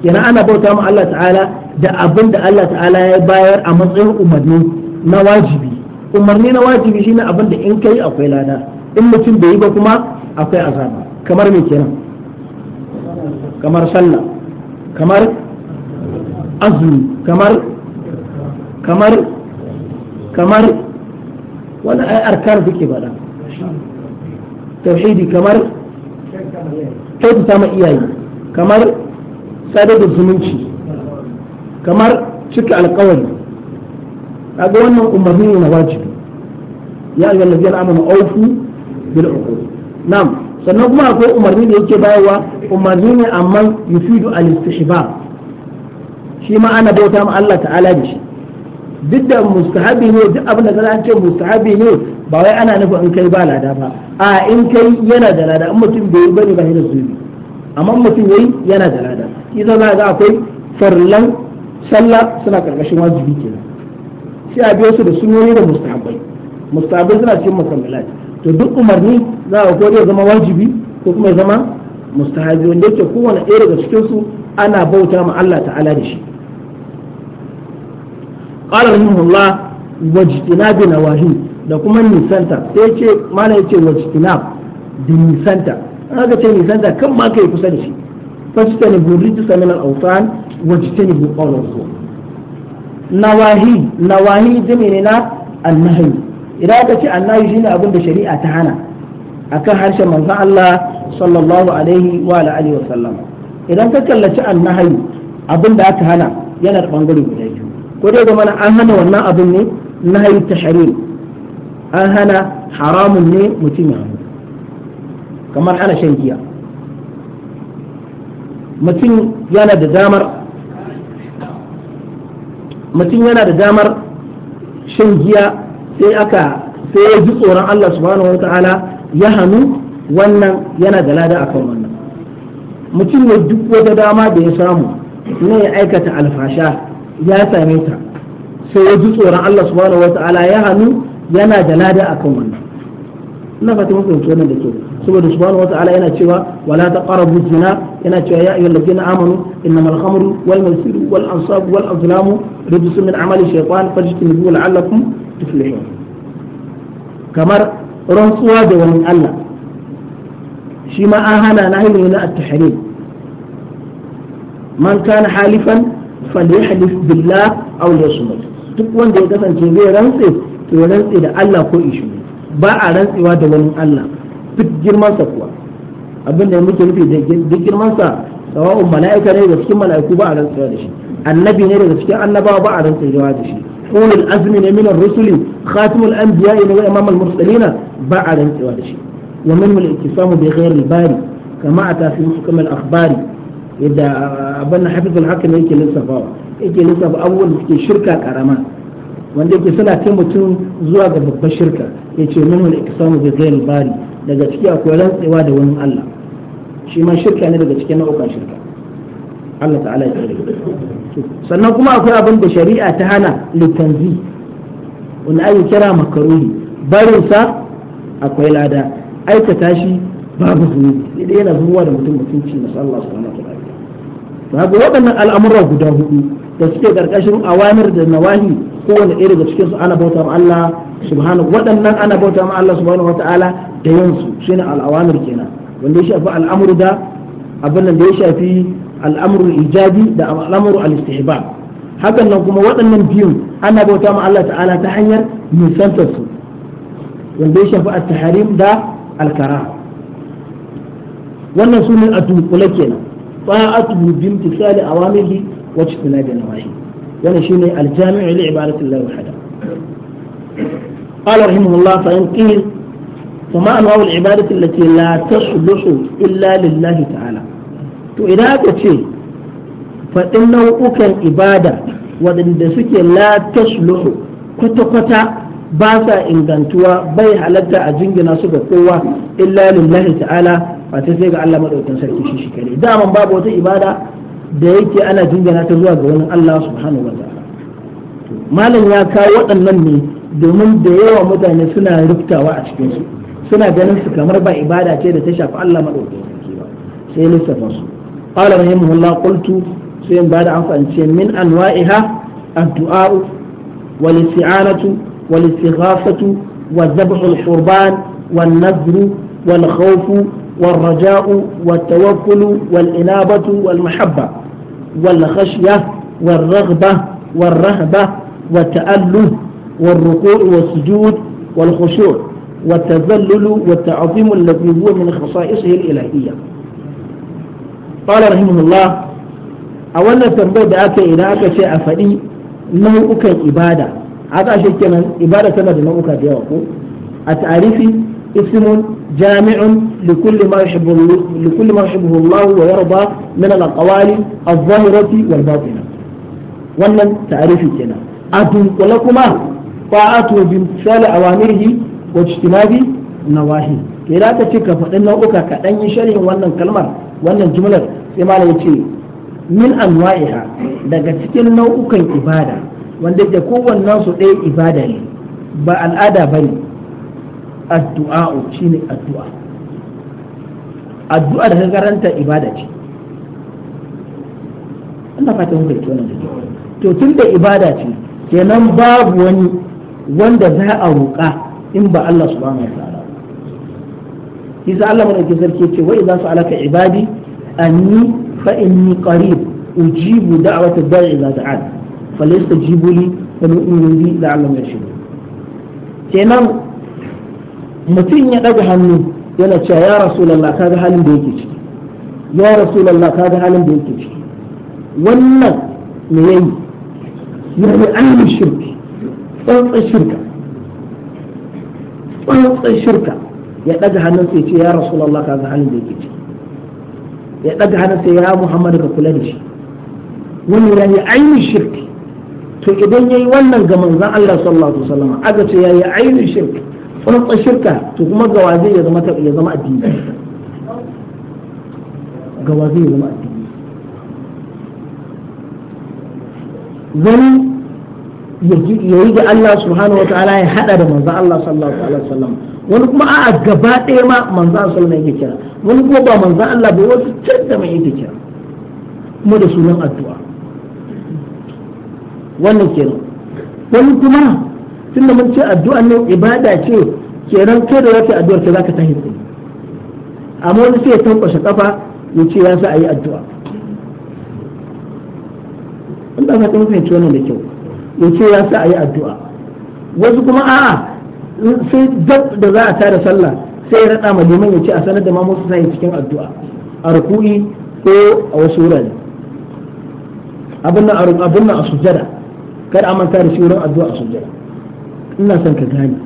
kenan ana bauta ma Allah ta'ala da abin da Allah ta'ala ya bayar a matsayin umarni na wajibi umarni na wajibi shine abin da in kai akwai lada in mutum bai yi ba kuma akwai azaba kamar me kenan kamar sallah kamar azumi kamar kamar kamar wani ai arkan suke faɗa tauhidi kamar kyautata ma iyaye kamar sadar da zumunci kamar cika alkawari kaga wannan umarni ne na wajibi ya ayyuhal ladina amanu awfu bil uqud na'am sannan kuma akwai umarni da yake bayarwa umarni ne amma yufidu al istihbab shi ma ana bauta ma Allah ta'ala da shi duk da mustahabi ne duk abin da kaza ce mustahabi ne ba wai ana nufin in kai ba lada ba a in kai yana da lada in mutum bai yi bane ba yana zubi amma mutum yayi yana da lada idan za ga akwai farlan sallah suna karkashin wajibi ke kenan shi a biyo su da sunoni da mustahabai mustahabai suna cikin mukammalat to duk umarni za a ko zama wajibi ko kuma zama mustahabi wanda yake kowane ɗaya daga cikin su ana bauta ma Allah ta'ala da shi qala rahimahullah wajtinabi nawahi da kuma nisanta sai yace mana yace wajtinab da nisanta an haka ce nisanta kan ma kai kusa da shi فاجتنبوا الرجس من الأوثان واجتنبوا قول الزور نواهي نواهي جميعنا النهي إذا كنت النهي شيء أبن بشريعة تهانا أكن هرش من الله صلى الله عليه وعلى آله وسلم إذا كنت النهي أبن دا تهانا yana da ɓangare guda biyu ko dai zama an hana wannan abin ne na hayi tahrim an hana haramun ne mutum ya kamar hana shan giya mutum yana da damar mutum yana da damar shan giya sai aka sai ya ji tsoron Allah subhanahu wa ta'ala ya hannu wannan yana da lada akan wannan mutum ne duk wata dama da ya samu ne ya aikata alfasha ya same ta sai ya ji tsoron Allah subhanahu wa ta'ala ya hannu yana da lada akan wannan ina fata mun fahimci wannan da kyau saboda subhanahu wata'ala yana cewa wala taqrabu zina yana cewa ya ayyuhal ladina amanu innamal khamru wal maisiru wal ansabu wal azlamu rijsun min amali shaytan fajtanibuhu la'allakum tuflihun kamar rantsuwa da wani Allah shi ma an hana na na at-tahrim man kana halifan falyahlif billah aw yasmut duk wanda ya kasance zai rantse to ya rantse da Allah ko ishi ba a rantsewa da wani Allah duk girman sa kuwa abin da muke nufi duk girman sa sawa'un mala'ika ne daga cikin mala'iku ba a rantsewa da shi annabi ne daga cikin annabawa ba a rantsewa da shi ulul azmi ne minar rusuli khatimul anbiya ne wa imamul na ba a rantsewa da shi wa min al-iktisamu bi ghayr bari kama a fi hukm al-akhbari yadda abin hafizul hakim yake lissafawa yake lissafa abubuwan da suke shirka karama wanda yake suna kai mutum zuwa ga babbar shirka ya ce min wani ikisamu ga bari daga ciki akwai rantsewa da wani Allah shi ma shirka ne daga cikin nau'ukan shirka Allah ta'ala ya tsare sannan kuma akwai abin da shari'a ta hana litanzi wani ake kira makaruhi barinsa akwai lada aikata shi babu zunubi idan yana zuwa da mutum mutunci masu Allah subhanahu wa ta'ala to haka waɗannan al'amuran guda hudu da suke ƙarƙashin awamir da nawahi kowane ɗaya daga cikinsu ana bauta ma Allah subhanahu waɗannan ana bauta ma Allah subhanahu wata'ala da yansu ne al'awamir kenan wanda ya shafi al'amuru da abin da ya shafi al'amuru ijabi da al'amuru al-istihbab hakan nan kuma waɗannan biyun ana bauta ma Allah ta'ala ta hanyar nisantar su wanda ya shafi at-tahrim da al-karah wannan sunan a dunkule kenan طاعته بامتثال أوامره واجتناب نواهيه يعني شيء الجامع لعبادة الله وحده قال رحمه الله فإن قيل فما أنواع العبادة التي لا تصلح إلا لله تعالى aka ce faɗin nau'ukan ibada waɗanda suke la tasluhu kwata-kwata ba sa ingantuwa bai halatta a jingina su ga kowa illa lillahi ta'ala ba sai ga Allah madaukakin sarki shi shi kare daman babu wata ibada da yake ana jingana ta zuwa ga wani Allah subhanahu wa ta'ala malam ya kawo waɗannan ne domin da yawa mutane suna riftawa a cikin su suna ganin su kamar ba ibada ce da ta shafi Allah madaukakin sarki ba sai lissafa su qala rahimahullah qultu sai in bada amfani min anwa'iha addu'a wal isti'anatu wal istighafatu wa dhabhu al-qurban wal nadru wal khawfu والرجاء والتوكل والإنابة والمحبة والخشية والرغبة والرهبة والتأله والركوع والسجود والخشوع والتذلل والتعظيم الذي هو من خصائصه الإلهية قال رحمه الله أولا تنبيه دعاك إلى أكا شيء أفعي نوعك إبادة هذا شيء كان إبادة سنة نوعك ديوكو التعريفي اسم jami'un لكل ما يحبه لكل ما يحبه الله ويرضى من الاقوال الظاهره والباطنه wannan ta'arifi kenan a dunkule kuma fa'atu bi misali awamirihi wa ijtinabi nawahi ke da ka ce ka faɗi nau'uka ka ɗan yi sharhin wannan kalmar wannan jumlar sai ma ya ce min anwa'iha daga cikin nau'ukan ibada wanda ke kowannen su ɗaya ibada ne ba al'ada bane addu'a shine addu'a addu'a da karanta ibada ce Allah fata mun kai wannan to tun da ibada ce kenan babu wani wanda za a roƙa in ba Allah subhanahu wa ta'ala yasa Allah madaukakin sarki ce wai wa idza sa'alaka ibadi anni fa inni qarib ujibu da'wata da'i idza da'an falyastajibu li wa yu'minu bi la'allam yashkurun kenan mutum ya ɗaga hannu yana cewa ya rasulallah ga halin da yake ciki ya rasulallah ga halin da yake ciki wannan me yayi ya yi ainihin shirki tsantsan shirka tsantsan shirka ya ɗaga hannun sai ce ya rasulallah ga halin da yake ciki ya ɗaga hannun sai ya muhammad ka kula da shi wannan ya yi ainihin shirki to idan ya yi wannan ga manzan Allah sallallahu alaihi wasallam aka ce ya yi ainihin shirki farko shirka to kuma gawa zai ya zama ya zama addini gawa zai ya zama addini wani ya yi ga Allah subhanahu wataala ya hada da manzo Allah sallallahu alaihi wasallam wani kuma a gaba ɗaya ma manzo Allah sallallahu yake kira wani kuma ba manzo Allah bai wasu can da mai yake kira kuma da sunan addu'a wannan kenan wani kuma tunda mun ce addu'a ne ibada ce kenan kai da wata addu'ar ka zaka tahi ku amma wani sai ya tankwashe kafa ya ce ya sa ayi addu'a Allah ka kuma ci wannan da kyau ya ce ya sa ayi addu'a wasu kuma a'a sai dab da za a tara sallah sai ya rada liman ya ce a sanar da ma musu sai cikin addu'a a ruku'i ko a wasu wurare abin nan a sujjada kada a manta da shi wurin addu'a a sujjada ina son ka gane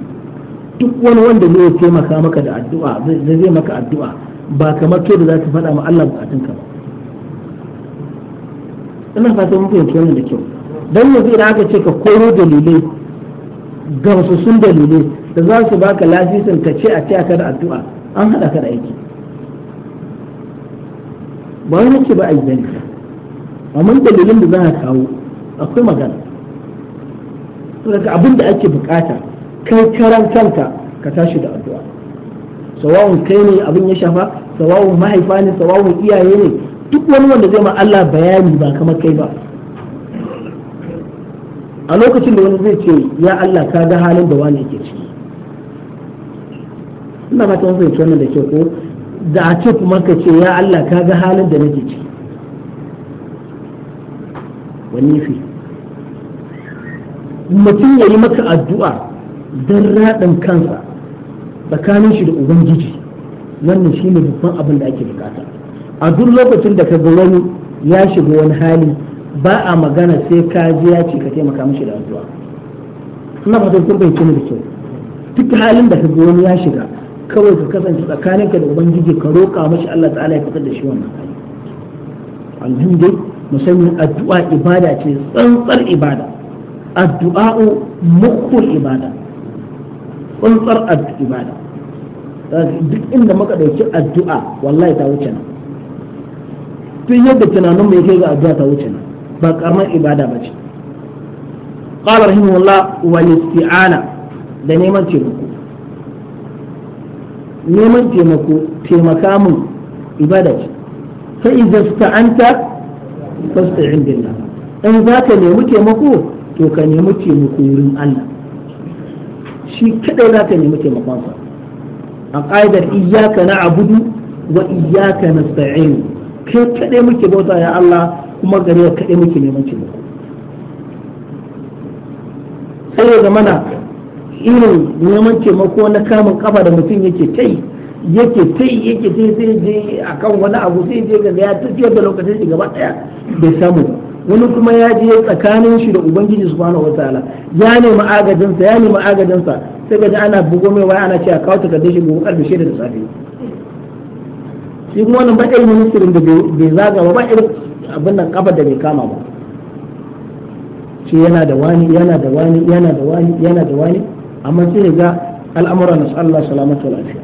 duk wani wanda zai taimaka maka da addu'a zai zai maka addu'a ba kamar ke da za ka faɗa ma Allah bukatunka ba ina fata mun fahimci wannan da kyau dan yanzu idan aka ce ka koro dalilai ga sun dalilai da za su baka lasisin ka ce a ce aka da addu'a an haɗa ka da aiki ba wani ce ba a yi zani amma dalilin da za ka kawo akwai magana ka abin da ake bukata kai karan kanka ka tashi da addu'a sawawun kai ne abin ya shafa sawawun mahaifa ne sawawun iyaye ne duk wani wanda zai ma Allah bayani ba kamar kai ba a lokacin da wani zai ce ya Allah ka ga halin da wani yake ciki ina ba ta wani fahimci wannan da ke ko da a ce kuma ka ce ya Allah ka ga halin da nake ciki wani fi mutum ya yi maka addu'a don raɗin kansa tsakanin shi da ubangiji wannan shi ne babban abin da ake bukata a duk lokacin da ka ga wani ya shiga wani hali ba a magana sai ka je ya ce ka taimaka mishi da addu'a ina fatan kun da kyau duk halin da ka ga wani ya shiga kawai ka kasance tsakanin ka da ubangiji ka roƙa mashi Allah ta'ala ya fitar da shi wannan hali alhamdulillah musamman addu'a ibada ce tsantsar ibada addu'a'u mukul ibada tsantsar ibada duk inda muka ɗauki addu'a wallahi ta wuce nan tun yadda tunanin mai kai ga addu'a ta wuce nan ba karman ibada ba ce qala rahimahullah wa isti'ana da neman taimako neman taimako taimaka mun ibada ce fa idza sta'anta fasta'in billah in zaka nemi taimako to ka nemi taimako wurin Allah shi kadai za ka nemi taimakonsa a ƙa'idar iyaka na abudu wa iyaka na sa'in kai kadai muke bauta ya Allah kuma gare kadai muke neman taimako sai da mana irin neman taimako na kamun kafa da mutum yake kai yake tai yake tai sai je akan wani abu sai je ga ya tafiyar da lokacin shi gaba daya bai samu ba wani kuma ya je tsakanin shi da ubangiji subhanahu wataala ya nemi agajinsa ya nemi agajinsa sai ga ana bugo mai waya ana cewa kawo takardar shi gobe karfe shida da safe shi kuma wannan ba irin ministirin da bai zaga ba ba irin abin nan kafa da bai kama ba shi yana da wani yana da wani yana da wani yana da wani amma sai ga al'amura na Allah salamatu lafiya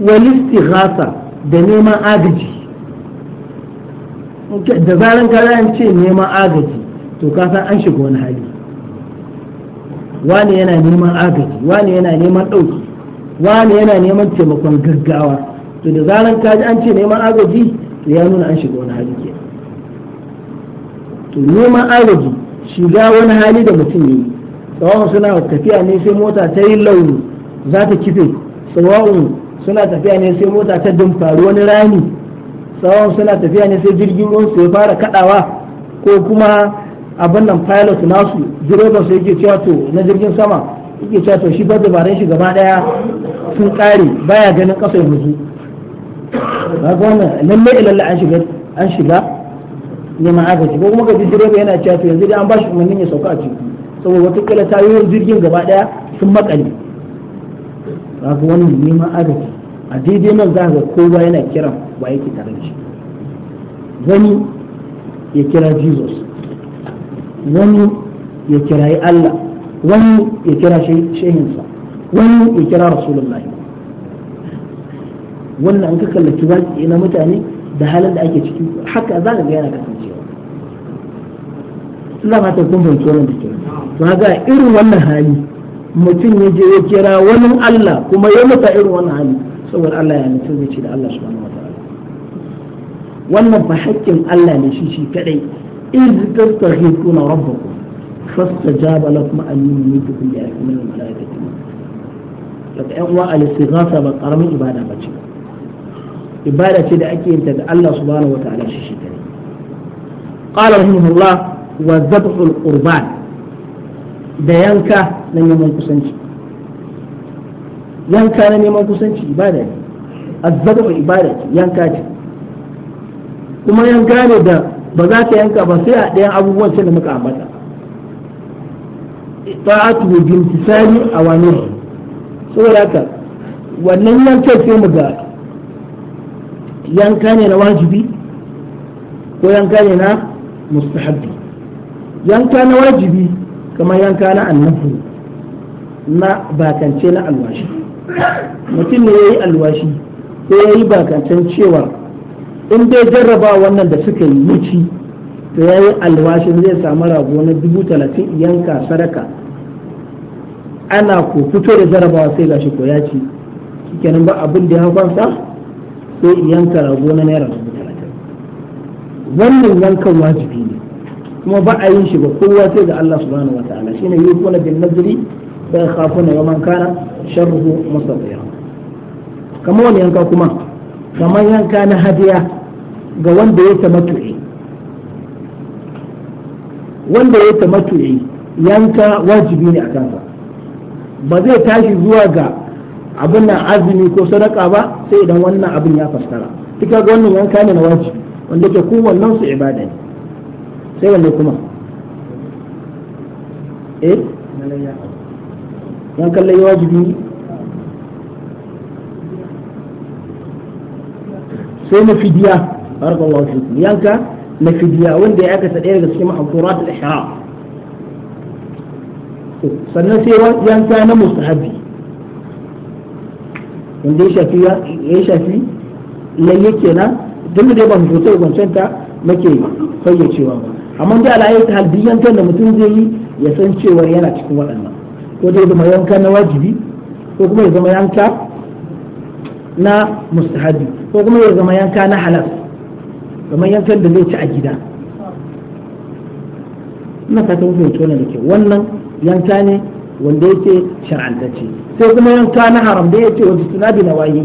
wal istighatha da neman agaji da zaran ka an ce neman agaji to ka san an shiga wani hali wani yana neman agaji wani yana neman ɗauki wani yana neman taimakon gaggawa to da zaran ka ji an ce neman agaji to ya nuna an shiga wani hali ke to neman agaji shiga wani hali da mutum ne tsawon suna tafiya ne sai mota ta yi launi za ta kife tsawon suna tafiya ne sai mota ta dumfari wani rani. tsawon suna tafiya ne sai jirgin ruwan su ya fara kadawa ko kuma abin nan pilot nasu direban su yake cewa to na jirgin sama yake cewa to shi ba dabarun shi gaba daya sun kare baya ganin kasa ba ga wannan lalle ilalle an shiga an shiga neman agaji ko kuma ga direba yana cewa to yanzu dai an ba shi umarnin ya sauka a ciki saboda kila tayoyin jirgin gaba daya sun makale ga wannan neman agaji a daidai nan za ga kowa yana kiran wa yake tare da shi wani ya kira jesus wani ya kirayi allah wani ya kira shehinsa wani ya kira rasulullah wannan an ka kallaci waki na mutane da halin da ake ciki haka za ka ga yana kasancewa ina fata kun fahimci wannan da ke to ga irin wannan hali mutum ya je ya kira wani allah kuma ya mutu irin wannan hali saboda Allah ya mutum zai ce da Allah subhanahu wa ta'ala wannan ba haƙƙin Allah ne shi shi kadai in tastaghifuna rabbakum fastajaba da anni mumitukum bi alfin min malaikati daga ƴan uwa al ba ƙaramin ibada ba ce ibada ce da ake yin ta ga Allah subhanahu wa ta'ala shi shi kadai qala rahimahullah wa zabhul qurban da yanka na neman kusanci yanka na neman kusanci ibada ne azzaba ibada ce yanka ce kuma yanka ne da ba za ka yanka ba sai a ɗayan abubuwan sai da muka ambata ta'atu bi imtisali awamir saboda haka wannan yanka sai mu ga yanka ne na wajibi ko yanka ne na mustahabbi yanka na wajibi kamar yanka na annabi na bakance na alwashi mutum ne ya yi alwashi ko ya yi bakancan cewa in dai jarraba wannan da suka yi yici to ya yi alwashin zai samu rago na dubu talatin yanka sadaka ana ko fito da jarrabawa sai gashi ko ya ci kenan ba abin da ya kwansa sai yanka rago na naira dubu talatin wannan yankan wajibi ne kuma ba a yin shi ba kowa sai ga Allah subhanahu wataala shine yi kuna bin nazari sai khafuna wa man kana sharhu mustatira kamar wani yanka kuma kamar yanka na hadiya ga wanda ya tamatu'i wanda ya tamatu'i yanka wajibi ne a kansa ba zai tashi zuwa ga abin nan azumi ko sadaka ba sai idan wannan abin ya fassara kika ga wannan yanka ne na wajibi wanda ke kuma wannan su ibada ne sai wanda kuma eh don kallon wajibi sai na fidiya barakallahu fiku yanka na fidiya wanda ya aikata ɗaya daga cikin mahdurat da ihram sannan sai yanka na mustahabi wanda ya shafi ya shafi lalle kenan duk da ba su sosai kwancanta muke fayyacewa ba amma da ala'ayyar ta halbiyan kan da mutum zai yi ya san cewa yana cikin waɗannan ko dai zama yanka na wajibi ko kuma ya zama yanka na mustahabi ko kuma ya zama yanka na halal kamar yankan da zai ci a gida ina fata mafi yanki tona da ke wannan yanka ne wanda yake shar'antacce sai kuma yanka na haram da yake wajen sunabi na waye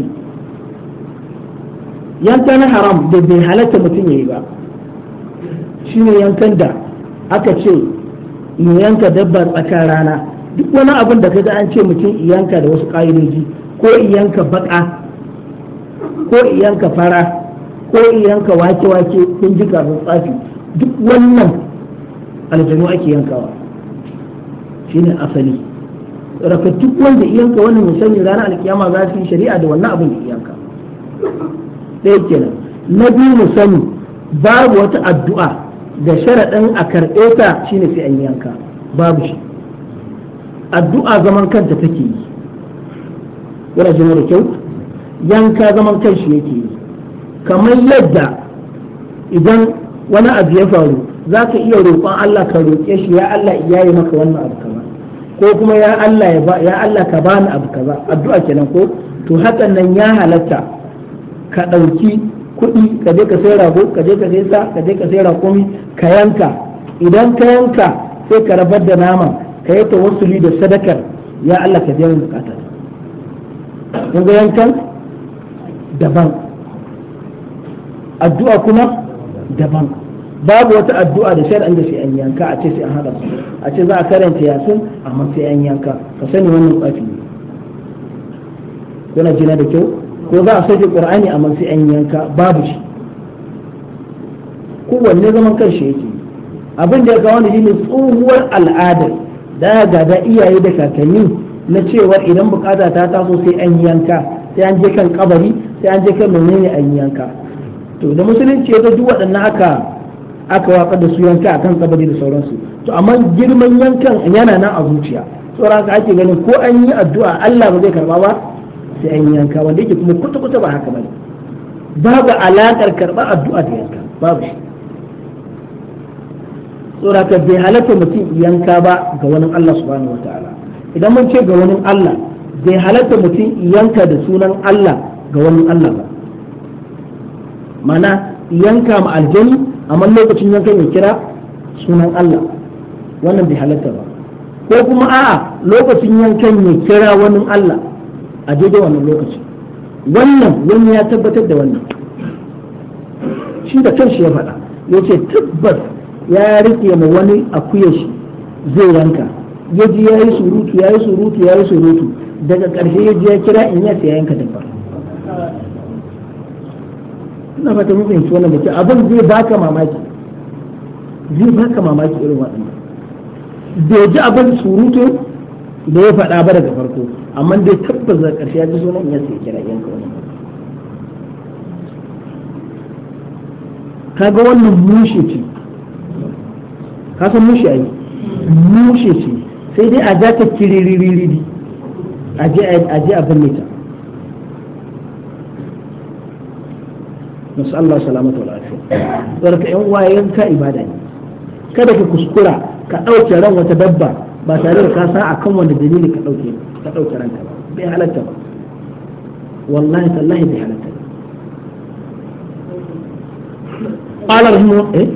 yanka na haram da bai halatta mutum ya yi ba shine yankan da aka ce yanka dabba tsakar rana duk wani abin da kaga an ce mutum iyanka da wasu ƙa'idoji ko iyanka baka ko iyanka fara ko iyanka wake-wake kun ji kafin tsafi duk wannan aljanu ake yankawa shi ne asali raka duk wanda iyanka wannan musamman ranar alkiyama za su yi shari'a da wannan abin da iyanka ɗaya kenan na biyu mu babu wata addu'a da sharaɗin a karɓe ta shi ne sai an yanka babu shi addu'a zaman kanta take yi yana jin da kyau yanka zaman kanshi yake yi kamar yadda idan wani abu ya faru za ka iya roƙon Allah ka roƙe shi ya Allah ya yi maka wannan abu kaza ko kuma ya Allah ya Allah ka bani abu kaza addu'a kenan ko to hakan nan ya halatta ka ɗauki kuɗi ka je ka sai rago ka je ka sai sa ka je ka sai raƙumi ka yanka idan ka yanka sai ka rabar da naman ka yi tawassuli da sadakar ya Allah ka biya min bukata kun ga yankan daban addu'a kuma daban babu wata addu'a da shar'an da sai an yanka a ce sai an hada su a ce za a karanta yasin amma sai an yanka ka sani wannan tsafi ne kuna jina da kyau ko za a sauke qur'ani amma sai an yanka babu shi kowanne zaman kan shi yake abin da ya kawo da shi ne tsohuwar al'adar da gada iyaye da kakanni na cewar idan bukata ta taso sai an yanka sai an je kan kabari sai an je kan menene an yanka to da musulunci ya duk waɗannan haka aka waka da su yanka a kan kabari da sauransu to amma girman yankan yana nan a zuciya saboda haka ake ganin ko an yi addu'a Allah ba zai karba ba sai an yanka wanda yake kuma kuta-kuta ba haka bane babu alaƙar karba addu'a da yanka babu shi tsoraka bai halatta mutum yanka ba ga wani Allah subhanahu ta'ala idan mun ce ga wani Allah bai halatta mutum yanka da sunan Allah ga wani Allah ba mana yanka ma aljani amma lokacin yankan ya kira sunan Allah wannan bai halatta ba ko kuma a'a lokacin yankan ya kira wani Allah a daidai wannan lokaci wannan wani ya tabbatar da wannan shi da kanshi ya faɗa yace tabbas ya rike ma wani akuya shi zai yanka ya ji ya yi surutu ya yi surutu ya yi surutu daga ƙarshe ya ji ya kira in ya ya yanka dabba ina fata mun fahimci wannan mutum abin zai baka mamaki zai baka mamaki irin waɗannan bai ji abin surutu da ya faɗa ba daga farko amma dai tabbas da ƙarshe ya ji yasa ya kira in yanka wani kaga wannan mushe ce ka san mushi yi, mushe ce sai dai a ja ta kiriririri a je a binne ta Allah salamata wa lafiya tsarka yan uwa yanka ibada ne kada ka kuskura ka ɗauke ran wata dabba ba tare da ka san akan wanda dalili ka ɗauke ka ɗauke ranta ba bai halatta ba wallahi tallahi bai halatta ba qala rahimahu eh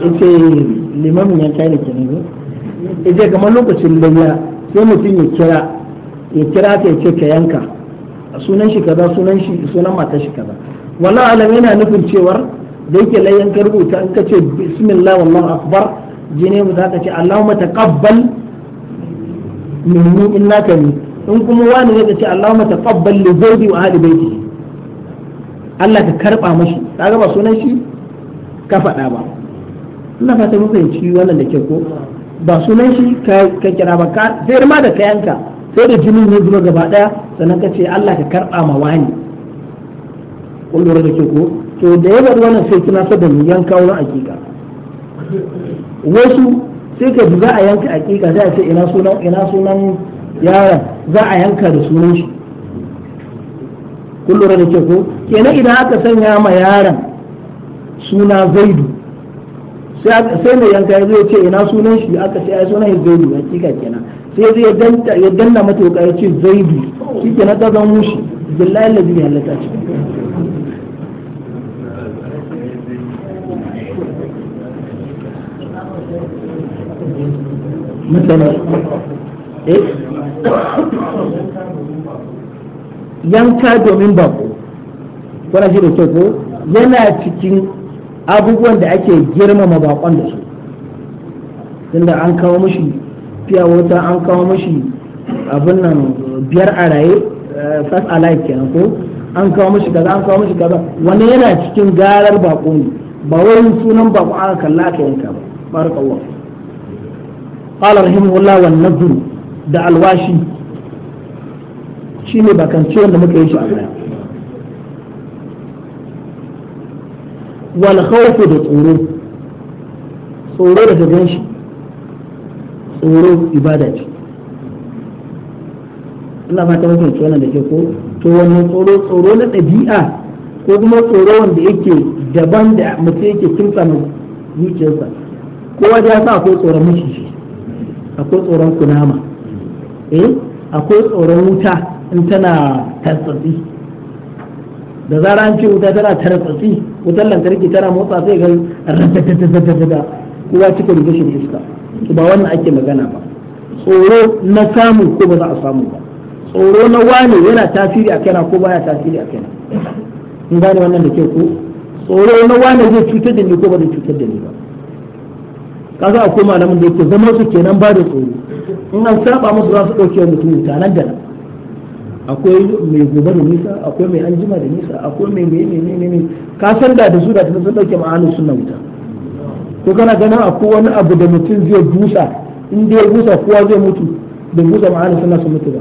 ita limamin ya kyale ke ne ita kamar lokacin layya sai mutum ya kira ya kira ta ya ce ka yanka sunan shi kaza sunan shi sunan mata shi kaza wallahi alam yana nufin cewar da yake layan ka rubuta in ka bismillah wallahu akbar jine mu za ce allahumma taqabbal minni innaka ni in kuma wani ne ka ce Allahumma taqabbal li zawji wa ahli baiti Allah ka karba mashi kaga ba sunan shi ka fada ba ina fata mun fahimci wannan da ke ko ba sunan shi ka kira ba ka sai ma da kayanka sai da jinin ne zuwa gaba daya sannan ka ce Allah ka karba ma wani kun da ke ko to da ya bar wannan sai kina sa da mu yanka wani hakika wasu sai ka ji za a yanka hakika sai a ce ina sunan ina sunan yaron za a yanka da sunan shi kun da ke ko kenan idan aka sanya ma yaron suna zaidu sai mai yanka ya zo ce ina sunan shi aka ce ai sunan zaidu hakika kenan sai zai danta ya danna mata wuka ya ce zaidu na ta zan mushi billahi ladzi ya halata shi eh? مثلا ايه yanka domin bako kuna shi da kyau ko yana cikin abubuwan da ake girmama bakon da su inda an kawo mashi fiya wata an kawo mashi abin nan biyar a raye eh, first alive kenan ko an kawo mashi kaza an kawo mashi kaza wani yana cikin garar bako ne ba wurin sunan bako aka kalla aka yanka ba barakallahu qala rahimahullah wan nadru da alwashi shi ne bakance wanda muka yi shi a baya wal da tsoro tsoro da ta ganshi tsoro ibada ce ina fata mutum ce wannan da ke ko to wannan tsoro tsoro na ɗabi'a ko kuma tsoro wanda yake daban da mutum yake kimsa mu zuciyarsa kowa ya sa akwai tsoron shi akwai tsoron kunama eh akwai tsoron wuta in tana tartsatsi da zara an ce wuta tana tartsatsi wutar lantarki tana motsa sai ga ratatatatatata kowa cika da shi iska ba wannan ake magana ba tsoro na samu ko ba za a samu ba tsoro na wane yana tasiri a kana ko baya tasiri a kana in gane wannan da ke ko tsoro na wane zai cutar da ni ko ba zai cutar da ni ba kaza akwai malamin da yake zama su kenan ba da tsoro in an saba musu za su ɗauke mutum nan da nan akwai mai gobe da nisa akwai mai anjima da nisa akwai mai mai mai mai ka san da da su da sun ɗauke ma'anin suna wuta ko kana ganin akwai wani abu da mutum zai busa in dai ya busa kowa zai mutu da busa ma'anin suna su mutu ba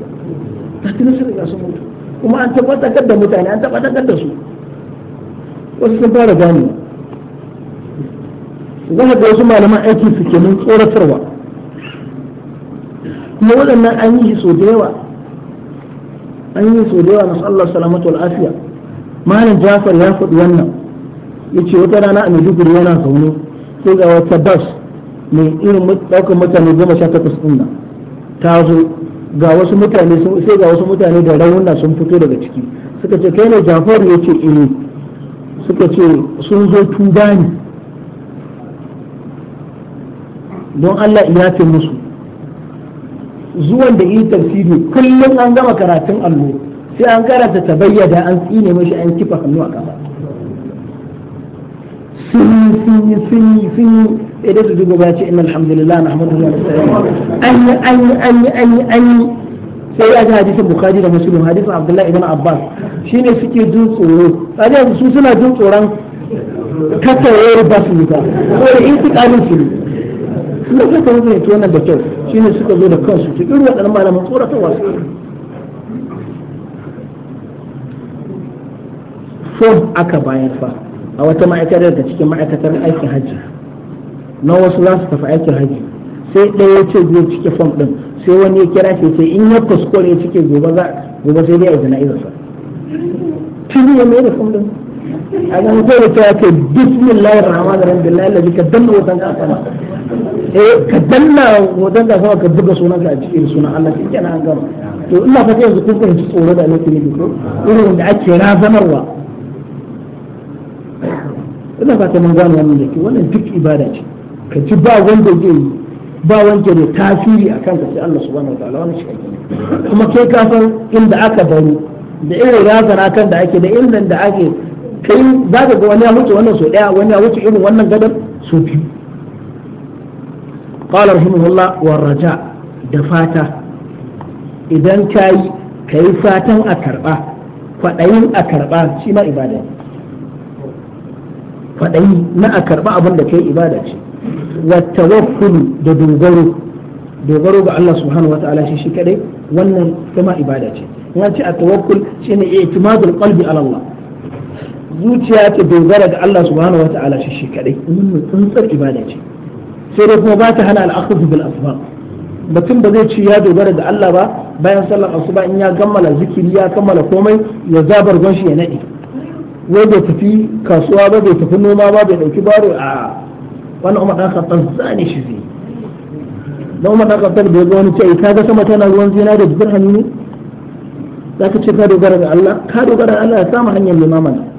ta tuni su riga sun mutu kuma an tabbatar da mutane an tabbatar da su wasu sun fara gane za ka ga wasu malaman aiki suke kenan tsoratarwa kuma waɗannan an yi so da yawa an yi so da yawa na sallar salamatu al'afiya malam Jafar ya faɗi wannan ya ce wata rana a Maiduguri yana zaune sai ga wata bas mai irin ɗaukar mutane goma sha takwas ɗin nan ta zo ga wasu mutane sai ga wasu mutane da rauna sun fito daga ciki suka ce kai ne jafar ya ce ini eh. suka ce sun zo tuba ne don Allah ya ce musu zuwan da yi tafsiri kullum an gama karatun allo sai an karanta ta bayyada an tsine mashi an kifa hannu a kafa sun yi sun yi sun sun idan su duba ba ce inna alhamdulillah na hamadu wa an yi an yi an yi an yi an yi sai ya ji hadisin bukhari da muslim hadisin abdullahi ibn abbas shine suke jin tsoro kaje su suna jin tsoron kasawar basu ba ko in da intiqalin su ne suna sai kan fahimci wannan da kyau shine suka zo da kansu ki irin waɗannan malaman tsoratarwa su fom aka bayar fa a wata ma'aikatar da cikin ma'aikatar aikin hajji na wasu za su tafi aikin hajji sai ɗaya ya ce zai cike fom ɗin sai wani ya kira shi sai in ya kuskure ya cike gobe za gobe sai dai a jana'izar sa tuni ya mai da fom ɗin a ganin kawai ta yake bismillahir rahmanir rahim billahi allazi kaddamna wa kanka asama eh ka danna wajen da sama ka buga sunan ka a cikin sunan Allah shi kenan an gama to ina fata yanzu kun fahimci tsoro da nake nufi ko irin da ake razanarwa ina fata mun gane wannan da ke wannan duk ibada ce ka ci ba wanda zai yi ba wanda ne tasiri a kanka sai Allah subhanahu wataala wannan shi kake kuma kai ka san inda aka bari da irin razana kan da ake da irin da ake kai za ka ga wani ya wuce wannan so daya wani ya wuce irin wannan gadon so biyu qala rahimahullah wa raja da fata idan kayi kayi fatan a karba kwaɗayin a karba shi ma ibada kwaɗayi na a karba abin da ibada ce wa tawakkul da dogaro dogaro ga Allah subhanahu wa ta'ala shi kadai wannan kuma ibada ce in a tawakkul shine i'timadul qalbi ala Allah zuciya ta dogara ga Allah subhanahu wa ta'ala shi shi kadai wannan tsantsar ibada ce sai dai kuma ba ta hana al'akhudhu bil asbab mutum ba zai ci ya dogara da Allah ba bayan sallar asuba in ya gammala zikiri ya kammala komai ya zabar gonshi ya nade wai bai tafi kasuwa ba bai tafi noma ba bai dauki baro a wannan umar dan khattab zani shi zai dan umar dan khattab bai ga wani ce ka ga sama tana ruwan zina da hannu ne zaka ce ka dogara da Allah ka dogara da Allah ya samu hanyar limaman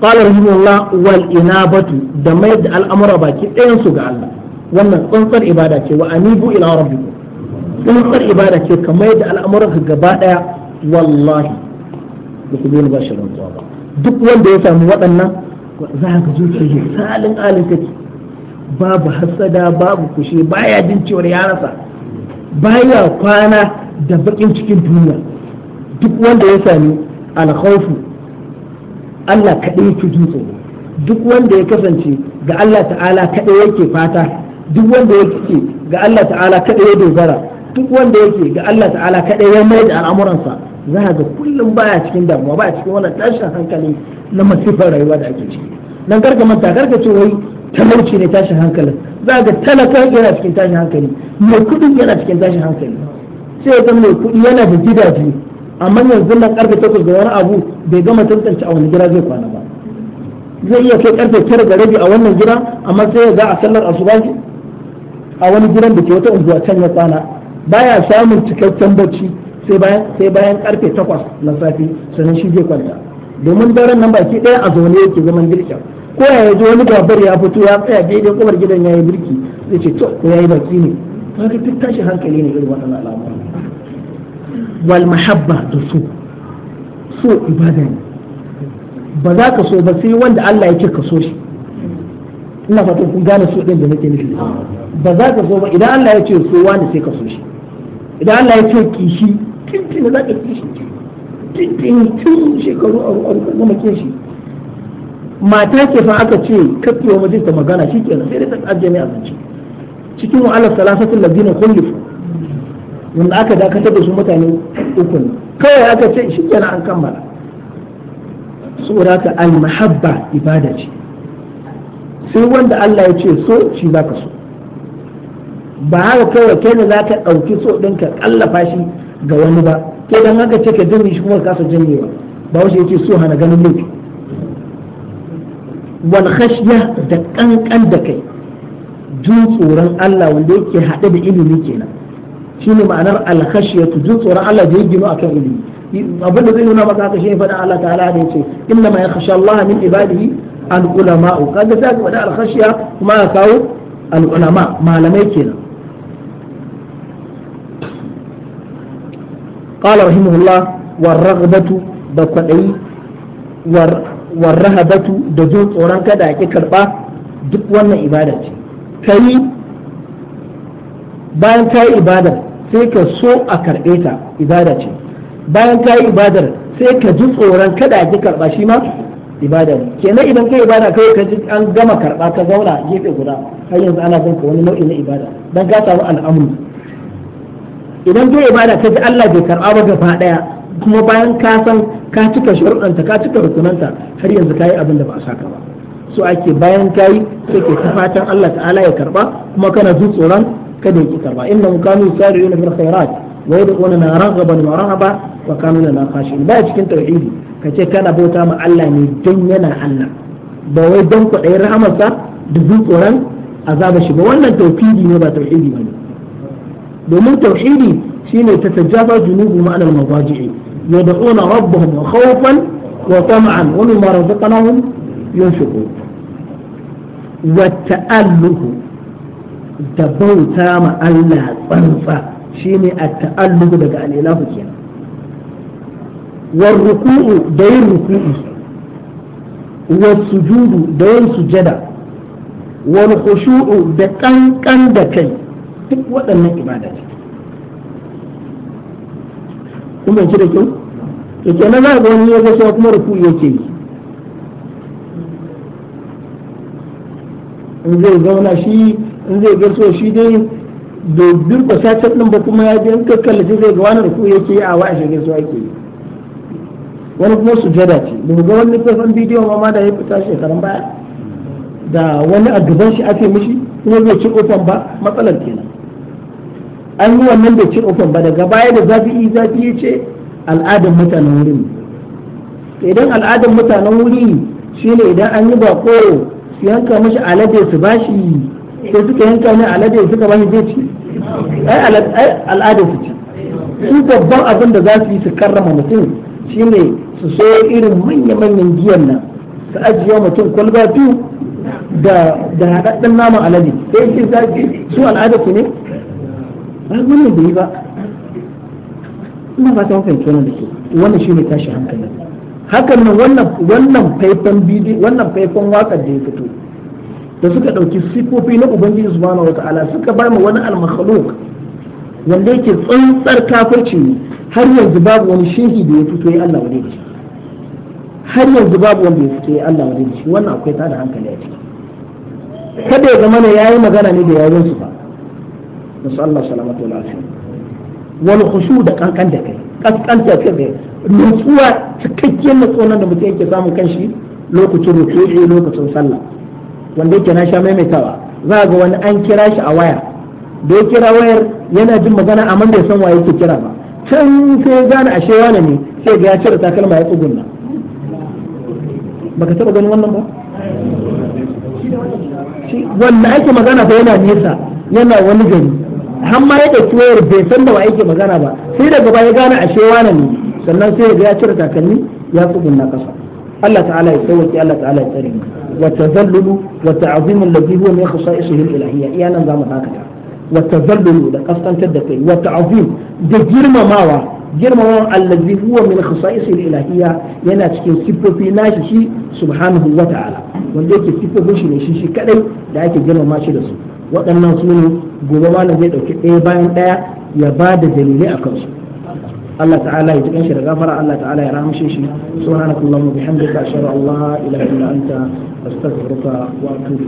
qala rahimahullah wal batu da mai da al'amura baki ɗayan ga Allah wannan tsantsar ibada ce wa anibu ila rabbikum tsantsar ibada ce ka mai da al'amuran ka gaba daya wallahi duk wanda ya sami waɗannan za a ga zuciya salin alin take babu hasada babu kushe baya jin cewar ya rasa baya kwana da bakin cikin duniya duk wanda ya sami alkhawfu Allah kaɗai yake jin duk wanda ya kasance ga Allah ta'ala kaɗai yake fata duk wanda ya yake ga Allah ta'ala kaɗai ya dogara duk wanda yake ga Allah ta'ala kaɗai ya mai da al'amuransa za ga kullum baya cikin damuwa baya cikin wannan tashin hankali na masifar rayuwa da ake ciki nan karka manta karka ce wai talauci ne tashin hankalin za ga talakan yana cikin tashin hankali mai kuɗin yana cikin tashin hankali sai ya mai kuɗi yana da gidaje amma yanzu nan karfe takwas da wani abu bai gama tantance a wani gida zai kwana ba zai iya kai karfe tara da rabi a wannan gida amma sai ya ga a sallar asuba a wani gidan da ke wata unguwa can ya kwana baya samun cikakken bacci sai bayan sai bayan karfe takwas na safe sannan shi zai kwanta domin daren nan baki ɗaya a zaune yake zaman girki ko ya yaji wani babar ya fito ya tsaya daidai kofar gidan ya yi birki zai ce to ko ya yi baki ne kaga tashi hankali ne irin waɗannan al'amuran wal mahabba da so so ibada ne ba za ka so ba sai wanda Allah ya ce ka so shi ina fatan kun gane su din da nake nufi ba za ka so ba idan Allah ya ce so wani sai ka so shi idan Allah ya ce ki kishi tintin za ka kishi tintin tun shekaru a gama kishi mata ke fa aka ce kafiwa mijinta magana shi kenan sai dai ta ajiye ne a zance cikin wa'alar salasatin lazina kullifu wanda aka dakatar da su mutane uku ne kawai aka ce shi kenan an kammala saboda al-mahabba ibada ce sai wanda Allah ya ce so shi za so ba haka kawai kai ne za ka ɗauki so ɗinka ƙallafa shi ga wani ba ke dan haka ce ka janye shi kuma ka kasa janyewa ba wace yake so hana ganin laifi wal khashya da kankan da kai jin tsoron Allah wanda yake haɗe da ilimi kenan shine ma'anar al-khashiyatu jin tsoron Allah da ya gino akan ilimi abin da zai nuna maka haka shine fada Allah ta'ala ne ce inna ma yakhsha Allah min ibadihi al-ulama'u kaga sai ka faɗa al-khashiya kuma ka kawo al-ulama malamai kenan قال رحمه الله والرغبة بقدي والرهبة دجون tsoron kada ake karba duk wannan ibada ce kai bayan ka yi sai ka so a karɓe ta ibada ce bayan ka yi ibadar sai ka ji tsoron kada a ji karɓa shi ma ibada ne kenan idan ka ibada kawai ka ji an gama karɓa ka zauna gefe guda har yanzu ana son ka wani nau'i na ibada dan ka samu al'amuri idan ka ibada ka ji Allah bai karɓa ba gaba daya kuma bayan ka san ka cika sharuɗanta ka cika rukunanta har yanzu ka yi abin da ba a saka ba so ake bayan ka yi sai ke fatan Allah ta'ala ya karɓa kuma kana jin tsoron كدن كتر إنهم كانوا يسارعون في الخيرات ويدقوننا رغبا ورهبا وكانوا لنا خاشعين باج كنت أعيدي كتير كان أبو تام علاني جنينا علا بوي دنكو أي رحمة دفوق ورن أذاب الشباب وانا توحيدي نبا توحيدي وانا دومون توحيدي شين تتجافى جنوب معنى المضاجعين يدعون ربهم خوفا وطمعا ومما رزقناهم ينفقون والتأله da bauta ma Allah tsantsa shine at-ta'alluq daga al ke kenan war ruku'u da yin ruku'i wa sujudu da yin sujada wal khushu'u da kankan da kai duk waɗannan ibada ce kuma ki da kyau to kenan za ga wani ya ga kuma ruku'i yake yi in zai zauna shi in zai gaso shi dai da durkusa sacet din ba kuma ya je in ka zai ga wani ruku yake a wa a shige su ake yi wani kuma su jada ce da ga wani faifan bidiyon ma da ya fita shekaran baya da wani a gaban shi ake mishi kuma zai ci ofan ba matsalar kenan an yi wannan bai ci ofan ba daga baya da zafi zafi ya ce al'adar mutanen wuri idan al'adar mutanen wuri shine idan an yi ba ko su yanka mashi alade su bashi sai suka yanka ne alade suka bashi zai ci ai al'ada su ci su babban abin da za su yi su karrama mutum shine su so irin manya-manyan giyan nan su ajiye mutum kwalba biyu da da haɗaɗɗen naman alade sai ce zaki su al'ada su ne ba wani da yi ba ina fata mafi kyau da ke wannan shine tashi hankali hakan nan wannan faifan bidi wannan faifan wakar da ya fito da suka ɗauki sifofi na ubangiji subhanahu wata'ala suka ba mu wani al-makhluq wanda yake tsantsar kafirci ne har yanzu babu wani shehi da ya fito ya Allah wadai shi har yanzu babu wanda ya fito ya Allah wadai shi wannan akwai tada hankali a ciki kada ya zama ne yayi magana ne da yayin su ba nasu Allah salamatu wal afiya wal khushu da kankan da kai kaskanta ta ne nutsuwa cikakkiyar nutsuwa da mutum yake samun kanshi lokacin ruku'i lokacin sallah wanda yake na sha maimaitawa za ga wani an kira shi a waya da ya kira wayar yana jin magana amma bai san waye yake kira ba can sai ya gane ashe wani ne sai ga ya cire takalma ya ba baka taba ganin wannan ba wanda ake magana ba yana nesa yana wani gari har ma ya dauki wayar bai san da wa yake magana ba sai daga baya gane ashe wani ne sannan sai ya ya cire takalmi ya tsugunna ƙasa Allah ta'ala ya sauke Allah ta'ala ya tsare mu wa tazallulu wa ta'zimu alladhi huwa min khasa'isihi al-ilahiyya iya nan zamu ta wa tazallulu da kaskantar da kai wa ta'zim da girmamawa girmamawa alladhi huwa min khasa'isihi al-ilahiyya yana cikin sifofi nashi shi subhanahu wa ta'ala wanda yake sifofin shi ne shi shi kadai da ake girmama shi da su waɗannan su ne gobe malam zai dauki ɗaya bayan ɗaya ya ba da dalilai a kansu Allah ta'ala ya tukan shi da gafara Allah ta'ala ya rahamshe shi subhanakallahumma bihamdika ashhadu an la ilaha illa anta astaghfiruka wa atubu